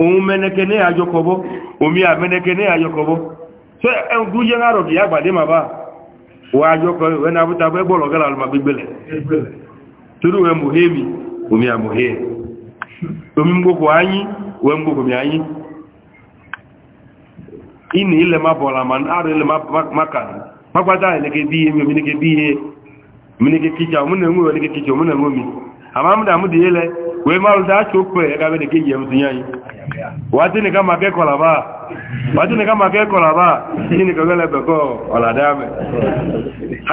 òun mẹ́nẹ́kẹ́ ní àjọkọ̀bọ́ omi àmẹ́nẹ́kẹ́ ní àjọkọ̀bọ́ tó ẹn ma jẹ́ àrọ̀ kìí àgbàdé màbá wà àjọkọ̀ ẹn abútafẹ́ bọ̀lọ̀ gẹ́lá lọ́mà gbígbẹ̀lẹ̀ torí wẹ́ mọ̀hẹ́mi omi àmọ̀hẹ́ omi gbogbo anyi wẹ́ gbogbo ilẹ̀ omi nẹ́kẹ́ bí ihe omi nẹ́kẹ́ kíkà omi nẹ́ ń wọ̀ wàtí nìkan máa kẹ́kọ̀ọ́ làbá wàtí nìkan máa kẹ́kọ̀ọ́ làbá yìí nìkan gẹ́lẹ̀ bẹ̀kọ́ ọ̀làdáàmẹ́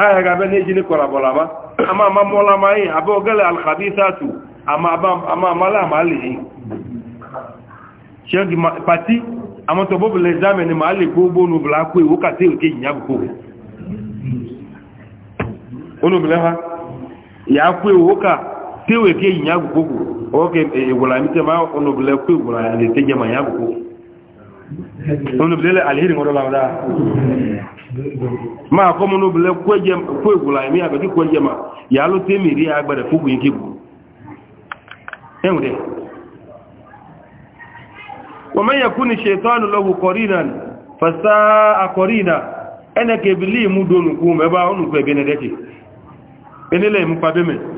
ayẹ́gà bẹ́ ní ìjìnlẹ̀ kọ̀làbọ̀ làbá ba, ama máa mọ́lá máa yìí àbẹ́ ọgẹ́lẹ̀ alkhabi ama ama ama máa láàmà lè yìí pati, pàtí àwọn tó bóbulẹ̀ ìzámẹ́ ni máa lè gbogbo onúbìlà kó ìwó kàtí òkè ìyàbùkó onúbìlẹ̀ ha ìyà kó ìwó kà tewe ke nyagu kuku oke wala e, mite ma ono bile ku wala ni teje ma nyagu kuku ono bile alheri ngoro la da ma ko ono bile ku je ku wala mi abati ku je ma ya lo temi ri agbara kuku yiki bu enwe wa man yakuni shaytanu lahu qarinan fasaa qarina ene ke bili mu donu ku me ba onu ku ebe ne deke enele mu pa be me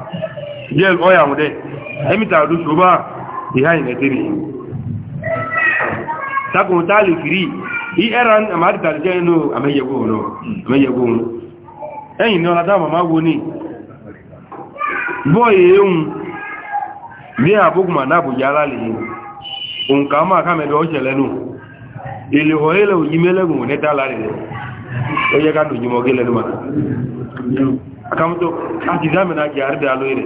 jẹ́ ọyà wọn dẹ̀ ẹmìta ọdún ṣọ́bá ìhá ìnẹ̀tẹ̀rẹ̀ yìí takùn tá lè kìrí yí ẹ́ra àmàdìta inú ẹ̀yìn ni ọlá dáàmà wo ní bọ́ọ̀yẹ̀ ehun ní àbúkùnmà náàbùjá alálẹ̀ yìí òǹkà máa kàmẹ́dọ̀ lẹ́nu ilẹ̀ ọ̀hẹ́lẹ̀ mẹ́lẹ́gùn ma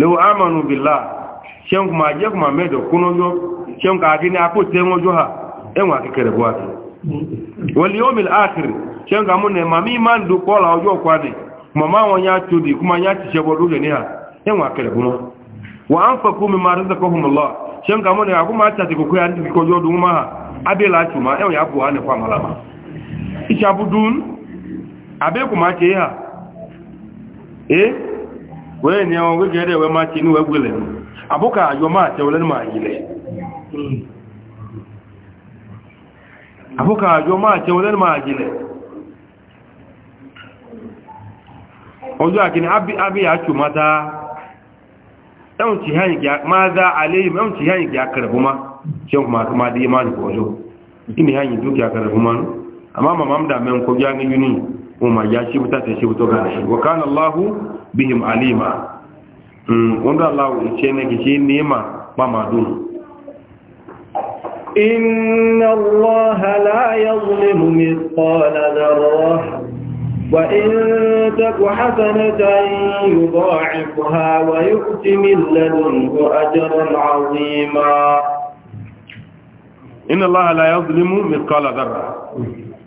lewu amanu billah shen kuma aje kuma medo kunojo shen ka adini apo tengojo ha enwa kekere bwati wal yawmil akhir shen ga munne mami man du kola mama ha enwa kekere buno wa anfaqu shen ga munne akuma ta ti kokoya ndi kojo ma ha abela chuma ya buwa ne kwa ha eh wee nye ọgwụ gere ewe machi inú egwule abụ ka ayọ ma tewele ma yile abụ ka ayọ ma tewele ma yile ọjọ́ àkíní abí mata ẹun ti hàn ìgbà máa dá ẹun ti hàn ma ṣe ń kùnmà kọmọdé yẹ máa nìkọ̀ ọjọ́ ìní hàn ma nù àmá màmá ń dà kuma ya shi buta ta shi buto ga shi wa kana allah bihim alima mm wanda allah ce ne ki shi nema ma dun إن الله لا يظلم مثقال ذرة وإن تك حسنة يضاعفها ويؤت من لدنه عظيما إن الله لا يظلم مثقال ذرة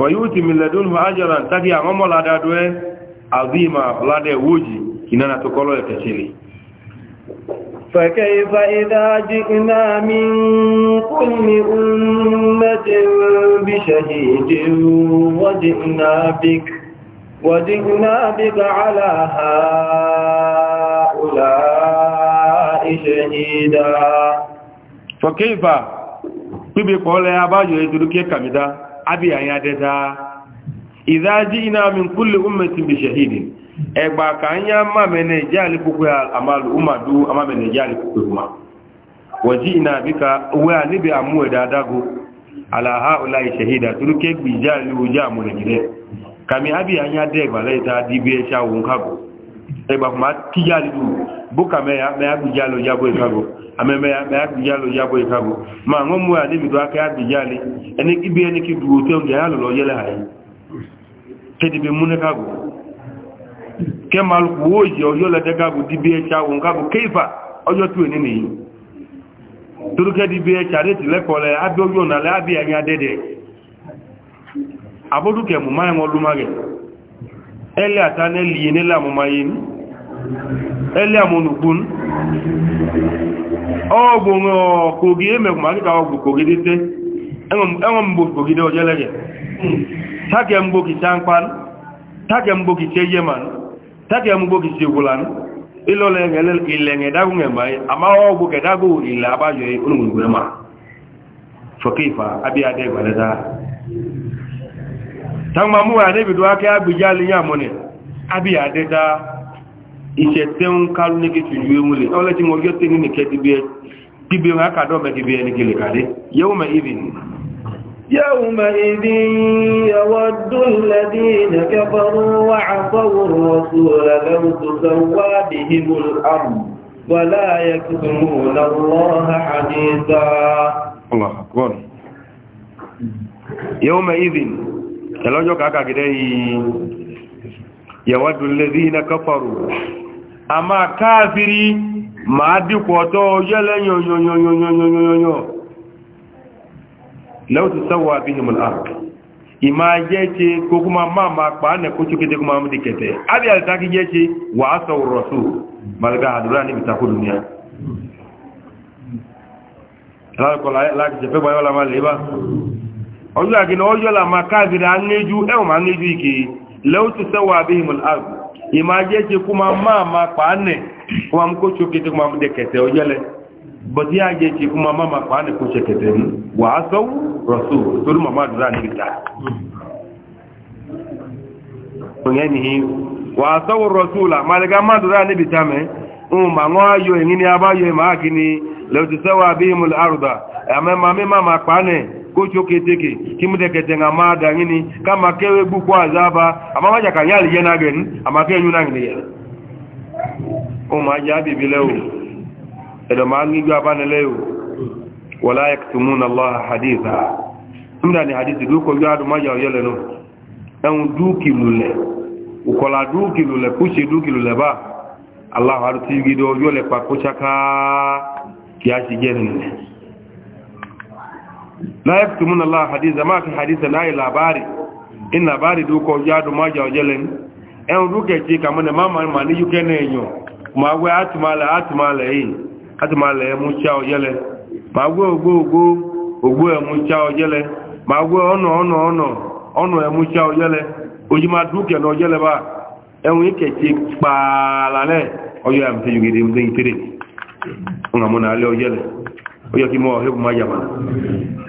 wayuti min ladunhu ajran taki amomo ladadwe azima lade wuji kinana tokolo ya tachili فكيف إذا جئنا من كل أمة بشهيد وجئنا بك وجئنا بك على هؤلاء شهيدا فكيف بيبي قول يا باجو يدرك كمدا abi anya deda idha ji'na min kulli ummatin bi shahidin egba ka anya ma mene jali kuku ya amal umadu ama mene jali kuku huma waji'na bika wa nibi amu dadago ala haula shahida turuke bi jali ujamu ne kami abi anya de gba le ta dibe sha won egba kuma tijali du buka meya meya bijalo yabo ikago ame meya meya bijalo yabo ikago ma ngomu ya debi doa kaya bijali ene kibi ene kibi ute onge ya lo yele hayi kedi bi mune kago ke malu kuwoji ojo le de kago dibi echa won kago keifa ojo tu ene ni turuke dibi echa reti lekole abi ojo na le abi ya dede aboduke mu ma en olumage ele ata ne liye ne la mu ma eliamunukpun ọgbụ kogi emekwu ma dịka ọgwụ kogidite enwe mgbo kogide ojelege take mgbo mkpan take mgbo yeman take mgbo kicha igwulan ilenge dagu ama ọgwụ ile e, ma na ebido aka abịa adịta ìṣẹ̀tẹ́un kálú ní kí tùjú ewu lè ọlẹ́ tí mo yọ́ tẹ́ nínú kẹ́ dìbí ẹ dìbí ẹ kàdọ́ mẹ́ dìbí ẹ ní kìlẹ̀ kàdé yẹ́wò mẹ́ ìbì ní. yẹ́wò mẹ́ ìbì yẹwọ́ dúnlẹ́dí ìnàkẹ́fọ́rún wà àkọ́wòrán ọ̀sùn rẹ̀ yawaddu alladhina kafaru ama kafiri ma dikoto yele yo yo yo yo yo yo yo yo law tusawwa bihim al-ard ima yece ko kuma mama pa ne ko chuke de kuma mudi kete abi altaki yece wa asaw rasul malga adurani bitakulu dunia la ko la la je pe ba ma leba ojo agina lẹ́wọ́tù sẹ́wọ́ àbíhìm al'adu ìmá jẹ́ ṣe kú ma máa ma pàánẹ̀ kú ma mú kó ṣe kéte kú ma mú jẹ kẹtẹ̀ ọjẹ́lẹ̀ bọ̀tí á jẹ́ ṣe kú ma máa ma pàánẹ̀ kó ṣe kẹtẹ̀ ní wà á sọ́wọ́ rọ̀sù torí màmá àdúrà níbi ta wà á sọ́wọ́ rọ̀sù là má lẹ́gá má àdúrà kocho keteke kimudekete nga mada ngini kama kewe buku azaba ama maja kanyali yena gen ama ke nyuna ngini yena o maja bibi leo edo mangi gwa bana leo wala yaktumuna allah haditha mda ni hadithi duko yadu maja yele no en duki lule ukola duki lule kushi duki lule ba allah haruti gido yole kwa kuchaka kiasi jeni la yaktumuna Allah haditha ma fi haditha la ila labari in labari du ko jadu ma jaw jelen en du ke ji ka ne mama ma ni yukene enyo ma we atmala atmala yi atmala mu chao ma gwe ogo ogo ogo mu ma gwe ono ono ono ono mu oji ma du ke no jele ba en ke ale ki hebu ma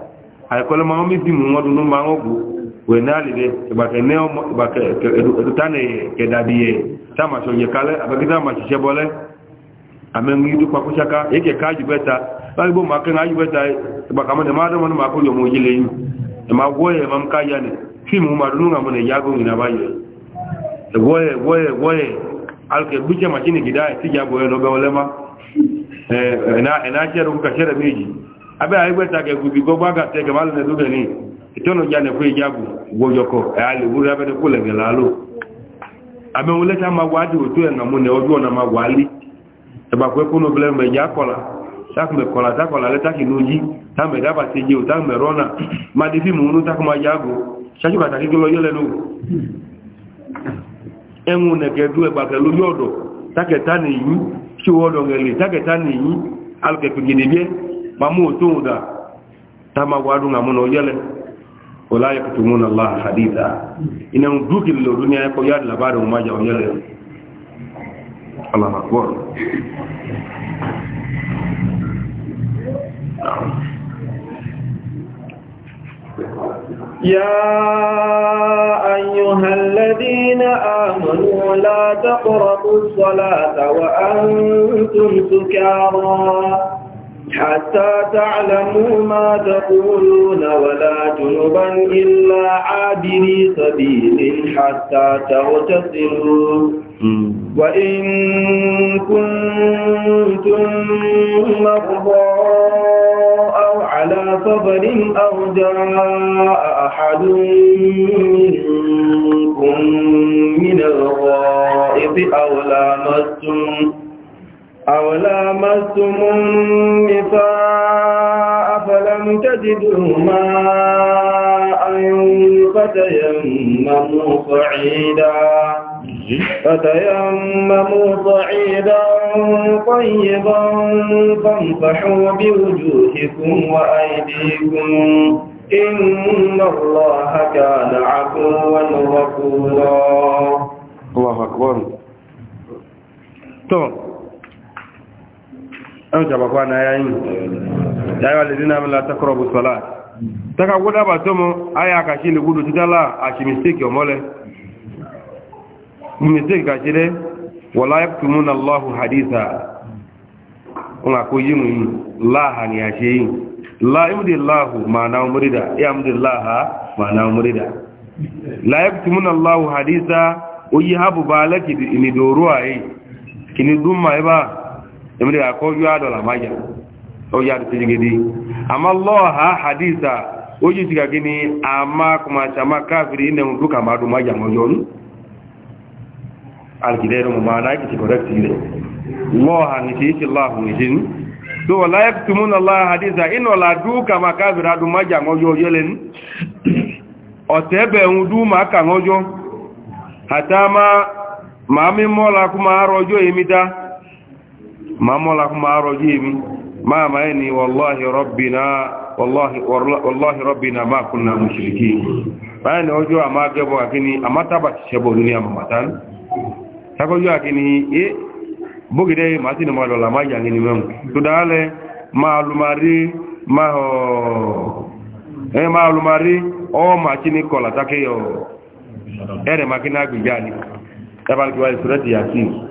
àìkọ́lẹ́ máa ń bí bímú wọn dúnú máa ń ọgbò wẹ̀ náà lè dẹ ìgbàkẹ̀ ní ọmọ ìgbàkẹ̀ ẹ̀dùtánì kẹdàbí yẹ táàmàṣọ yẹ kálẹ̀ àbẹ̀kẹ́ táàmàṣọ ṣẹ́ bọ́lẹ́ àmẹ́rin ìdú pakúṣaká èkè ká jù bẹ́ta láti bó máa kẹ́rin ájú bẹ́ta ìgbàkàmọ́ ni máa dọ́mọ́ ní máa kó yọmọ ojú lẹ́yìn ẹ̀mà wọ́yẹ̀ máa ń ká yá ni fíìmù máa dúnú àmọ́ ní yàgò ìrìn àbáyọ̀ wọ́yẹ̀ wọ́yẹ̀ wọ́yẹ̀ alùkẹ́ gbújẹ́ abe ayigbẹta kẹ gubi gbogbo agatẹ kẹ ma lẹnẹ lókè ní ìtọ́nà ìjà nẹ̀kọ́ ìjágùn gbọ́jọkọ ẹ̀hálẹ̀ ìwúrẹ́ abẹ́rẹ́ kó lẹ̀gẹ̀ láàlò àmẹ́wọn lẹ́ta ma wà á dìbò tó ẹ̀nà mú nẹ ọjọ́ ọ̀nà ma wà á lé ẹ̀bàkọ́ ẹkọ́ nọ́bẹ̀lẹ́ mẹ̀já kọ̀là sákùmẹ̀kọ̀là sákọ̀là lẹ́tàkì lójí támẹ̀dábàtẹ́jẹ́ ò támẹ̀rọ́nà má dé fíìmù ń tákùmá jágùn ṣáṣí pàtàkì kí lọ yẹ́lẹ́ lóhùn ẹ̀wọ̀n nẹ̀kẹ́dú ẹgbàkẹ́ lójú ọ̀dọ̀ tákẹ̀tá nìyí ṣíwọ́ ọ̀dọ̀ ngẹ̀lẹ̀ tákẹ̀tá nìyí alùpẹ̀pẹ̀ gẹ̀dẹ̀bíẹ́ mamu otun da ta ma wadu nga mun oyele wala yaktumuna allah haditha ina duki lo dunia ko yad labari umaja oyele allah akbar يا أيها الذين آمنوا لا تقربوا الصلاة وأنتم سكارى حتى تعلموا ما تقولون ولا جنبا إلا عابري سبيل حتى تغتسلوا وإن كنتم مرضى أو على صبر أو جاء أحد منكم من الغائب أو لامستم أو لامستم النساء فلم تجدوا ماء فتيمموا صعيدا فتيمموا صعيدا طيبا فامسحوا بوجوهكم وأيديكم إن الله كان عفوا غفورا الله أكبر طب an jaba kwana yayin ya yi walidi na mila ta kura busala ta ka guda ba tomo aya ka shi le gudu tutala a shi mistake omole mistake ka shi ne wala ya tumu na allahu hadisa in akwai yi mun laha ne a shi yi la imdi lahu ma na ya imdi laha ma'ana na umurida la ya tumu na allahu hadisa oyi habu ba laki ni doruwa yi kini dumma ba èmi dìgbà kọ́ yóò àdọ̀là má o ó yà tó tẹ́jú gidi àmà lọ́ọ̀ha hadisa ojú ti gàgé ni àmà kùmàṣàmà káfìrí ilẹ̀ ń dúkà má dùn má yà mọ́jọ́ ní alìkìdẹ́ rẹ̀ mọ̀ máa láì kìtì kọ̀rẹ́kìtì rẹ̀ lọ́ọ̀ha ní kìí ṣe láàhùn ìṣe ní tó wà láyé tùmúnà láà hadisa inú ọ̀la dúkà má káfìrí adùn má yà mọ́jọ́ yẹlẹ̀ ní ọ̀tẹ́ bẹ̀ ń dú má kà mọ́jọ́ àtàmà màmí mọ́la kú ma mola kuma aro jimi ma ma ni wallahi rabbina wallahi wallahi rabbina ma kunna mushrikin bayan ojo ama gebo akini amata ba chebo dunia mamatan tako yo akini e bogide mati no malola ma yangi ni mem tudale ma lumari ma ho e ma lumari o ma chini kola take yo ere makina gbijani tabal kiwa surati yasin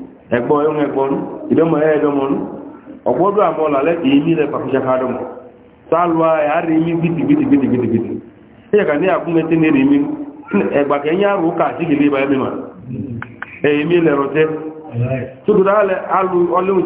ẹgbọ́ ẹ̀wọ̀n ẹgbọ́nú ìdọ́mọ̀ ẹ̀ẹ́dọ́mọ̀nú ọ̀gbọ́dọ̀ àmọ́là lẹ́kì ìmí rẹ̀ pàkúṣẹ́ kádọ́mù sálùwà àárín ìmí gbìtìgbìtìgbìtìgbìtì ẹ̀yẹ̀ kà ní àkúnmẹ́tí ní rí mi ẹgbàkẹ́yìn àrùn ó kà ibà ẹ̀mí mà èmi lẹ̀rọ tẹ́ tókùtà alù ọlẹ́hùn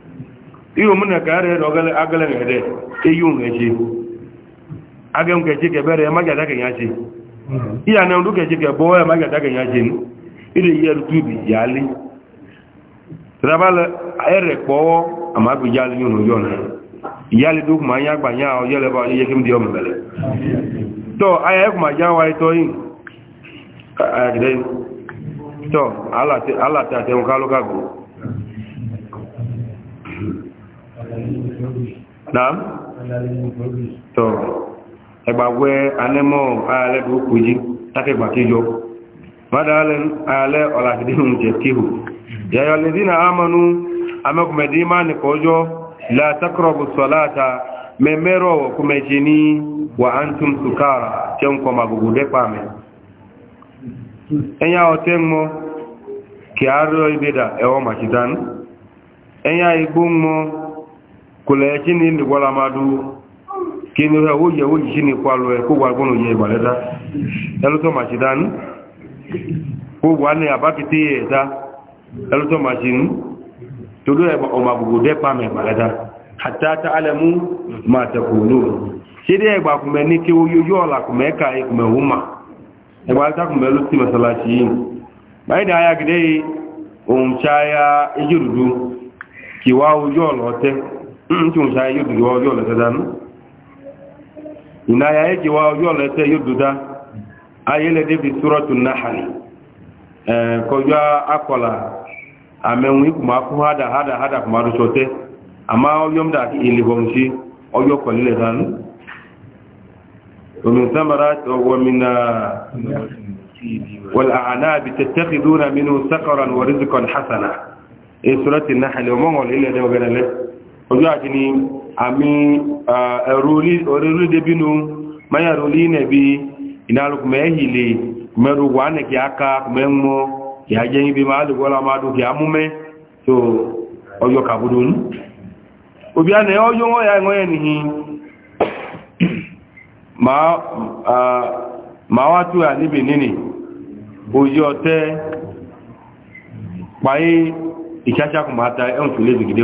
ihe mụ ka a rere agala ere eyi ngechi aga m kechi kebere ya magada ya chi ihe na ndu kechi kebo ya magada kenya chi ire ya rutu bi yali rabala ere kpowo ama bi yali ni no yona yali du ma nya gbanya o yele ba ye kim dio mbele to wa to yin a gidai to naam tọ́ ẹgbàgbẹ́ anẹ́mọ́ ayalẹ́ bí ó kò jí tákẹgbà kéjọ ayalẹ́ ọ̀làkìdíhùn jẹ kéhù yàyọ̀ lè dínà ámọ́nú amẹ́kùnmẹ̀dí máa nìkọ́ ọjọ́ látàkọ̀rọ̀bù sọ́láta mẹ́mẹ́rọ̀ kùmẹ̀ṣe ní wà á ń tún sùkára tẹ́ ń kọmà gbogbo dẹ́pà mẹ́ ẹ̀yà ọ̀tẹ́ mọ́ kí kòlẹ̀ kí ní ìgbọ́la máa dú kí ní ẹ̀ òye òye sí ní pàlọ ẹ̀ kó wà gbọ́nà yẹ ìgbàlẹ́dá ẹlútọ́ màṣì dání kó wà ní àbákìtì ẹ̀dá ẹlútọ́ màṣì ní torí ọmọ àgbègbè dẹ́pà mẹ́ ìgbàlẹ́dá àtàtà alẹ́mú máa tẹ̀kù lóòrùn ṣé dé ẹgbà kùmẹ̀ ní kí oyó yóò là kùmẹ̀ ẹ̀ka ìkùmẹ̀ òun Mm, tí òun ṣe ayé yóò dùdú wa ọjọ́ ọ̀lẹ́tẹ̀ dánú ìnáyà ayé wa ọjọ́ ọ̀lẹ́tẹ̀ yóò dùdá ayé lẹ́dẹ́ fi súrọ́tù náhàlì kọjọ́ akọ̀là àmẹ́hùn ikùnmá kú hádà hádà hádà kùnmá rúṣọ́tẹ́ àmá ọjọ́ ọjọ́ àti ni àmì ẹ̀rọ orílẹ̀-èdè bínú mayàrá olí nẹ̀bí ìnálùkùnmẹ́ ìhìlè mẹ́rù wà ní kí a ká kùnmẹ́ mọ́ kí a jẹ́ ibi máa lè gọ́lá máa dùn kí a mú mẹ́ tó ọjọ́ kàbúdó ya ta tó lè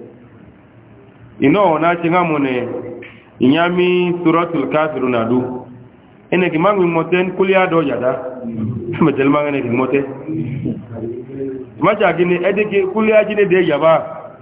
ino na ci nga mune inyami suratul kafiru na du ene ki mangu moten kulia do yada mm-hmm. metel mangene ki mote macha gine edeke kulia jine de yaba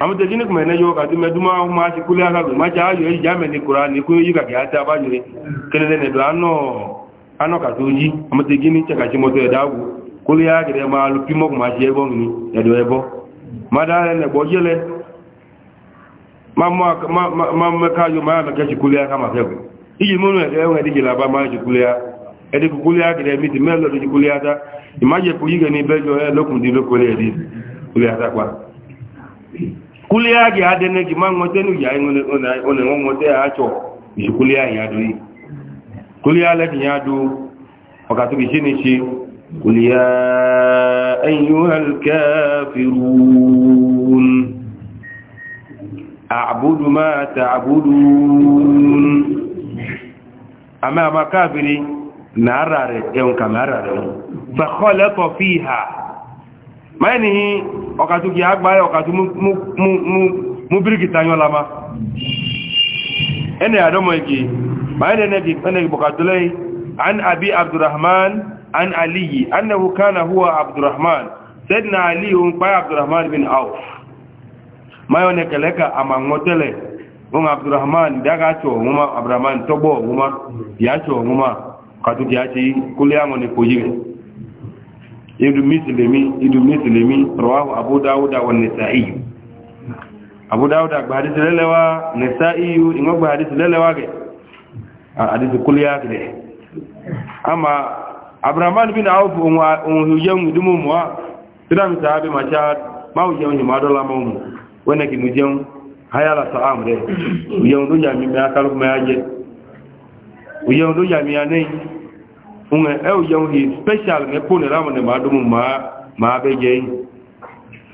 amete gini kuma ne yoka dume duma ma ci kule aka ma ci ayo jame ni qur'ani ku yi ka ga ta ba yure kene ne do ano ano ka toji amete gini ce ka ci moto da gu kule ya gire ma lu pimo kuma ci ebo ni ya do ebo ma da ne bo yele ma ma ma ma ka yo ma ma ka ci kule aka ma fe iji mo ne ga wa di gila ba ma ci kule ya ede ku kule ya gire mi ti melo di kule ya ta imaje ku yi ga ni bejo e lokum di lokole di kule ya ta kwa Thank you. kulia a ade ne gi ya ngone one ngomo te acho ji kulia ya dui kulia le gi adu wakati gi chini chi kulia ayyuhal ma ama maini ọkàtù kí agbáyé ọkàtù mú bíríkìtà yọ́ lama ẹni àdọ́mọ̀ ìkì maini ẹni bọ̀kàtù lẹ́yìn an abi abdurrahman an aliyi annahu kana huwa abdurrahman sẹ́dìnà aliyun pa abdurrahman bin auf mayo ne kẹlẹ́ka àmà ngọ́tẹ́lẹ̀ wọn abdurrahman dága tọ wọn abdurrahman tọgbọ wọn yà tọ wọn kàtù kí a ti idu mislimi idu mislimi rawahu abu dawud wa nisa'i abu dawud gba hadith lelewa nisa'i ingo gba lelewa ge hadith kulliya ge ama abrahman bin auf wa hujam dumu muwa tiram sahabi machad ma hujam ni madola mawmu wona ki mujam hayala ta'am re hujam do jami me akalu me aje hujam do jami anei unga ew yow hi special ne pone ramu ne madum ma ma be je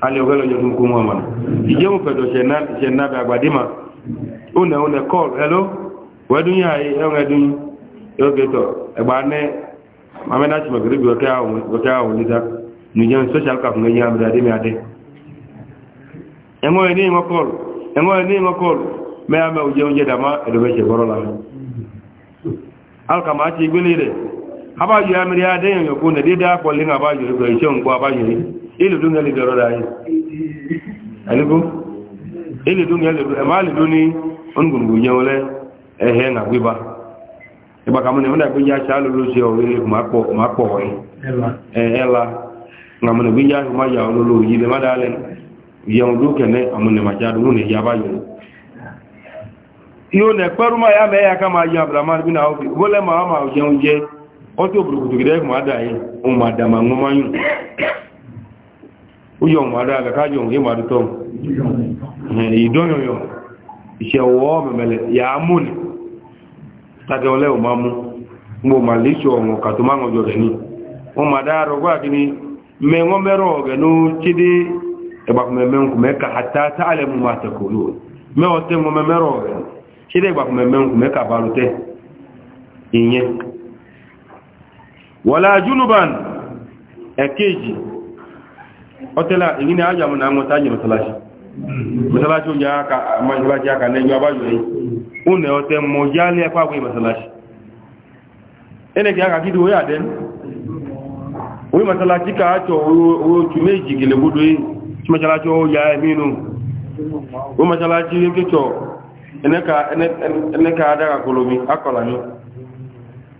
ale ogalo yo ku mo man je mo pedo chena chena ba gbadima una una call hello wadun ya e ew ngadun yo geto e ba ne amena chi magri bi ota o ota o ni da ni je social ka ngi am da de mi ade engo ni mo call engo ni mo call me ame o je o je da ma edo be che boro la alkama ti gbele re abajo e, ya mri ade yo kuna dida hapo ba abajo kwa hicho mko abajo ili dunga ile doroda hii alipo ili dunga ile ehe na gwiba iba ma ya olulu ile madale yawdu kene mune ne ya me ya kama ya abdurrahman bin awfi wole ọtí òbùrùkùtùkìdẹ́ ẹ̀kùn àdá yìí ohun àdàmà ń máa yùn ó yọ ohun àdá àgàkájọ ohun yíma àdútọ́ ìdọ́yọ̀yọ̀ ìṣẹ̀wọ́ mẹ̀mẹ̀lẹ̀ yàámùnì tàbí ọlẹ́ ò máa mú mo mà léṣọ ọ̀hún ọ̀kà tó máa ń ọjọ́ rẹ̀ ní wọ́n máa dá rọgbọ́ àkíní mẹ wọ́n mẹ́rọ ọ̀gẹ̀ ló chédé ẹgbàkùnmẹ̀mẹ̀kùnmẹ́ka àtà tààlẹ̀ mú máa tẹ̀kọ̀ lóò mẹ́ ọtẹ́ wọn mẹ́rọ ọ̀gẹ̀ chédé ẹgbàkùnmẹ̀mẹ̀kùnmẹ́ka bá lótẹ́ ìyẹn wala junuban ẹ̀kejì ọtẹ́lá èyí ni ájàmù náà mọ́ tájì mọ́sálásí mọ́sálásí oúnjẹ aka mọ́sálásí aka lẹ́yìn abájú rẹ̀ ó nẹ̀ ọtẹ́ mọ́ já lé ẹ̀kọ́ àgbé mọ́sálásí ẹnẹ̀kẹ́ aka kí diwọ́ yàdẹ́ orí mọ́sálásí ká àtọ̀ owó tù méjì gẹ̀lẹ̀ gbódò yìí tí mọ́sálásí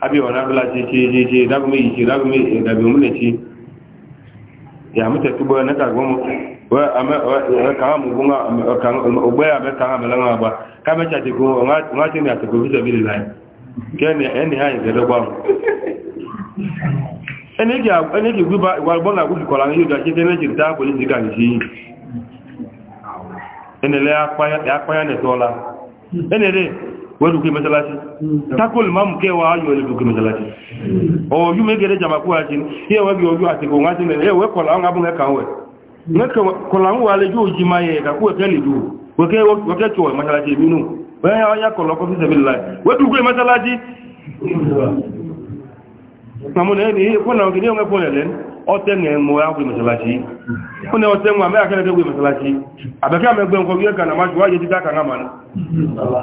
abi wa da bi mu ne ce ya mu ta tubo na ka gomo wa ama ka mu bunga ka ogbaya be ka ha mala na ka me cha go nga nga go bi lai ke ne en ha ye da e ba ene ene gba wa ku ko la ni te ne ji ka ni ene le akpa ya akpa ya ne ene wọ́n dùkú mẹ́sàlásí takol máa mú kẹwàá ayọ̀ ilẹ̀ dùkú mẹ́sàlásí ọ̀yú mẹ́gẹ̀rẹ́ jàmàkú àti ẹwà bí ọjọ́ àti kò wáṣí lẹ́yìn ẹwẹ́ kọ̀lá ń abúlé kan wẹ̀ kọ̀lá ń wà lè yóò jí máa yẹ kakú ẹ̀kẹ́ lè dùn wọ́kẹ́ tó mẹ́sàlásí mínú wọ́n yá kọ̀lọ́ kọ́fí sẹ́mi láì wọ́n dùkú mẹ́sàlásí mamuna ni kuna wengine wamepona len otenge moya kwa msalati kuna otengo ambaye akaleta kwa msalati abaka amegwe kwa yeka na maji waje titaka ngama Allah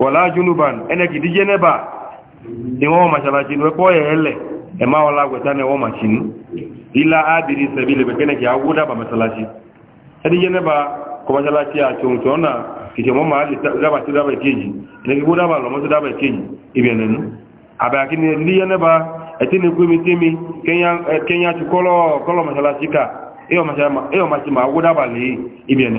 wọ̀lá junuban ẹnẹ́kì díjẹ́ nẹ́bà ni wọ́n màṣàlàṣì ní ẹkọ́ ẹ̀ ẹlẹ̀ ẹ̀má ọlá gbẹ̀ta ni wọ́n màṣì ní ilá ábìrí sẹ̀bí lè bẹ̀kẹ́nẹ̀kì awúdàbà màṣàlàṣì ẹdíjẹ́ nẹ́bà kọ màṣàlàṣì àti ohun tó ọ̀nà kìkẹ́ mọ́ máa dábà sí dábà ìkéjì ẹnẹ́kì kó dábà lọ́mọ́ sí dábà ìkéjì ibẹ̀ nẹ̀nu àbẹ̀kí ni ẹdíjẹ́ nẹ́bà ẹtí ni kúmi tẹ́mi kẹ́nyà ti kọ́lọ̀ màṣàlàṣì ká ẹ̀yọ̀ màṣì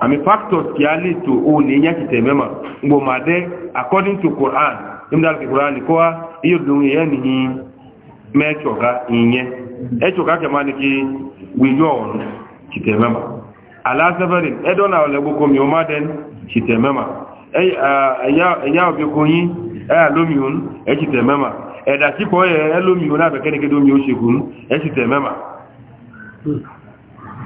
ami factors ki ali to o ne nya ki temema ngo de according to quran imda al quran ko iyo dun ye ni me choga inye e choga ke mani ki we yon ki temema ala sabarin e dona ole gboko mi o maden ki temema e, e ya e ya obi ko yin e alomi un e ki temema e da ti ko e alomi e un abe kene ke do mi o segun e ki temema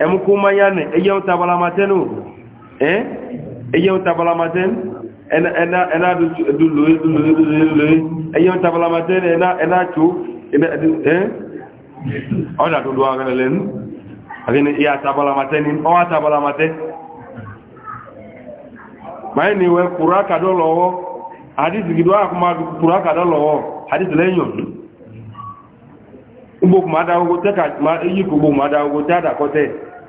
ẹmukú manya ni eye ń tabala maten o ẹ́ eye ń tabala maten ẹna dúlóe dúlóe dúlóe eye ń tabala maten tó dùn àgbẹ̀lẹ̀ lẹ́nu àgbẹ̀ni ìyá tabala ọwá tabala maten ni wẹ́ kúrá lọ́wọ́ àdìsí gidọ́ àkùnmá kúrá kàdọ́ ma àdìsí gbogbo tẹ́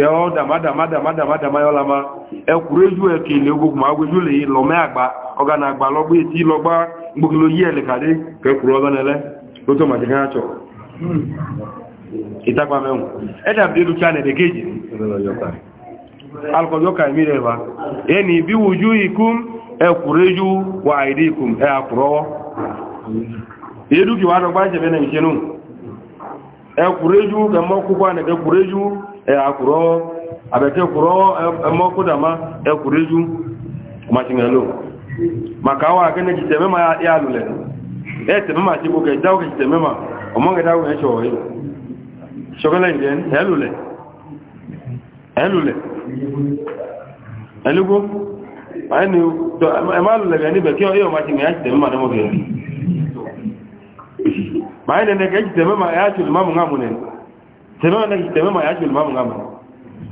tẹ́ọ́ dàmádàmádàmádàmá yọ́la ma ẹkùrẹ́ ojú ẹ̀kẹ́ ilẹ̀ ogun agbójú lè lọ́mẹ́ àgbà ọ̀gánà àgbà lọ́gbé tí lọ́gbá gbogbo yí ẹ̀lẹ̀ kàdé kẹkùrẹ́ ọgánẹlẹ́ ẹ àkùrọ̀ àbẹ̀tẹ̀ kùrọ̀ ẹmọ́kúdàmá ẹkùrẹ́jú ọmọṣìmẹ̀lò màkàwà akẹ́nẹ̀ jìtẹ̀ mẹ́mà yà lulẹ̀ ẹ̀tẹ̀ mẹ́mà tí kò kẹjáwò jìtẹ̀ mẹ́mà ọmọkẹjáwò ẹ̀ṣọ̀ ọ̀rẹ́ ṣọ́kẹ́lẹ̀ ìjẹ́ ẹlùlẹ̀ ẹlùlẹ̀ ẹlúgbó ẹmọ́lùlẹ̀ níbẹ̀ kí ọyọ́ chọrọ yà jìtẹ̀ mẹ́mà ní mọ́ tẹmẹ́mà náà kìí tẹmẹ́mà yà jùlọ máàmù ńgámù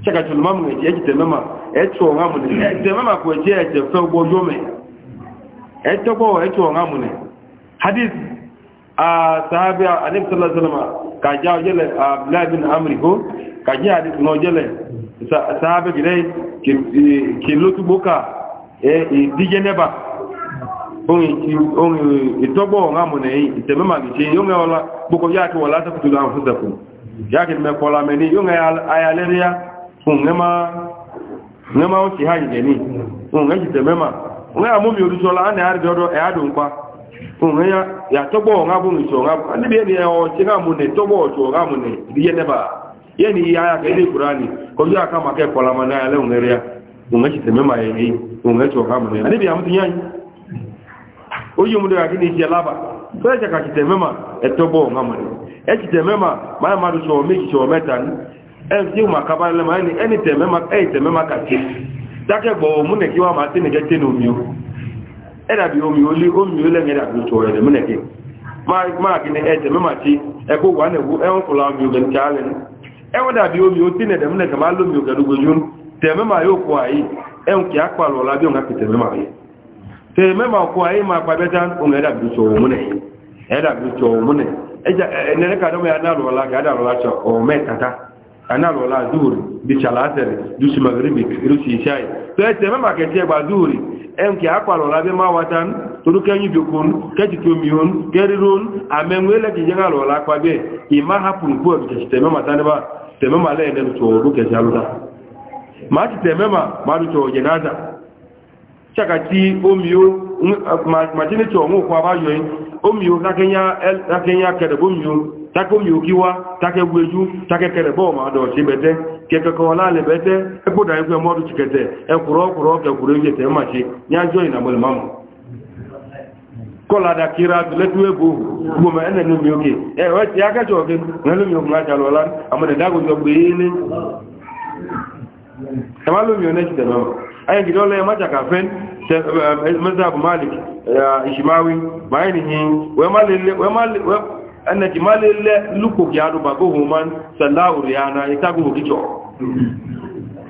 ṣẹ́ka jùlọ máàmù ẹ̀jẹ̀ ẹ̀jẹ̀ tẹmẹ́mà ẹ̀tù ọ̀gámù nì tẹmẹ́mà kò ẹ̀jẹ̀ hadith sahabi alif sallallahu alaihi wasallam ka ja jele abdullah bin hadith no jele sahabi gire ki lotu boka e dijeneba on itogbo ọ̀gámù nì tẹmẹ́mà kìí ṣe yóò mẹ́ wọlá gbogbo yá kí wọlá tẹ́kùtù lọ́wọ́ fún ya me kola me ni yunga ayaleria ungema ngema o tiha ngeni unga jitemema unga amumi urusola ane e adu nkwa unga ya ya tobo nga bu ngi chonga ande bi ni e o tiha mune tobo chonga mune biye neba yeni ya ya kele qurani ko ya kama ke kola ya ungeria unga unga mune amuti nyanyi ya kini etobo echiche mema ma mmadụ chọrọ m echiche ometa eti ma kabalị ma ni eni teme ma ei teme ma kati dake gbo mu ne kiwa ma tini na tini omi o era bi omi o li omi o le ngeda bi to ere mu ne ke ma ma na ne ei teme ma ti e ko wa ne bu e on kula omi o gen chale ni e wada bi omi o tini de mu ne ke ma lo mi e on akpa lo la bi on ga teme ya temema teme ma ko ma pa betan o ngeda bi to mu ne ngeda bi ẹnẹ́rẹ́ kàdọ́ mẹ́ anáàlùwọ́lá gádàlùwọ́lá tsọ ọ̀rọ̀ mẹ́kàtà anáàlùwọ́lá zúùrì bí tsalasẹ̀rẹ̀ dùsù magrebi rúsì ìṣáì tó ẹ tẹ́ mẹ́mà kẹ́tí ẹgbà zúùrì ẹn kì ápàlọ́lá bí máa wata torú kẹ́yìn jòkón kẹ́tì tómión kẹ́rírón àmẹ́mú ẹlẹ́kì yẹn àlùwọ́lá pàgbẹ́ ìmá hapùn kú ẹ̀rù kẹ̀sì tẹ̀mẹ́mà tánibà tẹ̀mẹ́mà lẹ́yìn tó ọ̀rọ̀ kẹ̀sì alúdá máa ti tẹ̀mẹ́mà máa tó ọ̀yẹ̀ náà omiyo takenya kerebe omiyo take omiyo kiwa take gweju take kerebe ọmadochi bete kekekọlali bete ekpoda egwe mọdụ chikete ekwuru ọkwụrụ ọka ekwuru ejete mmachi ya joi na gbelemamụ kọlada kiri adụ letu egwu ugbo ma ene nomi oke ewe ti aka jọ gị na lomi okwu ha jalụ ọla amada dagojo gbeele ema lomi onechidemema anyị gide ọla ya macha ka fen mazhab malik ishimawi bayanihin wai malille wai malille annati malille luko ya do bago human sallahu riyana itagu hokicho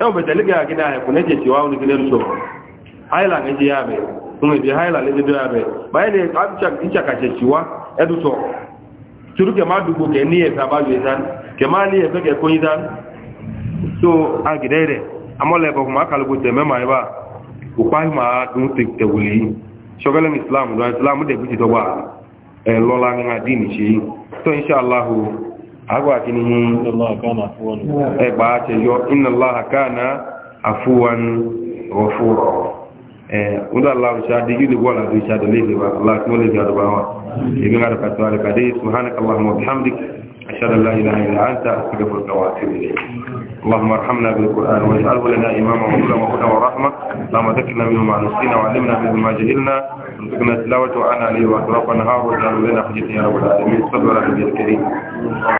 ewo betaliga akida he kuneje tiwa uni haila bi haila ke ebe ke ko so amole ukpahi ma dun te tewuli shogale islam do islam de biti do wa e lola nga dini shi to inshallah agwa kini allah kana afuwan e ba te yo inna allah kana afuwan ghafura eh unda allah shadi yidi wala do shadi lele wa allah ko lele do ba wa hmm. ibi ngara ka to kadi subhanakallahumma wa bihamdik ashhadu an la ilaha illa anta astaghfiruka wa atubu ilayk اللهم ارحمنا بالقرآن واجعله لنا إماما وكلا وهدى ورحمة اللهم ذكرنا منه ما نسينا وعلمنا منه ما جهلنا وارزقنا تلاوته عن لي وأطراف النهار واجعله لنا حجة يا رب العالمين صلى الله عليه الكريم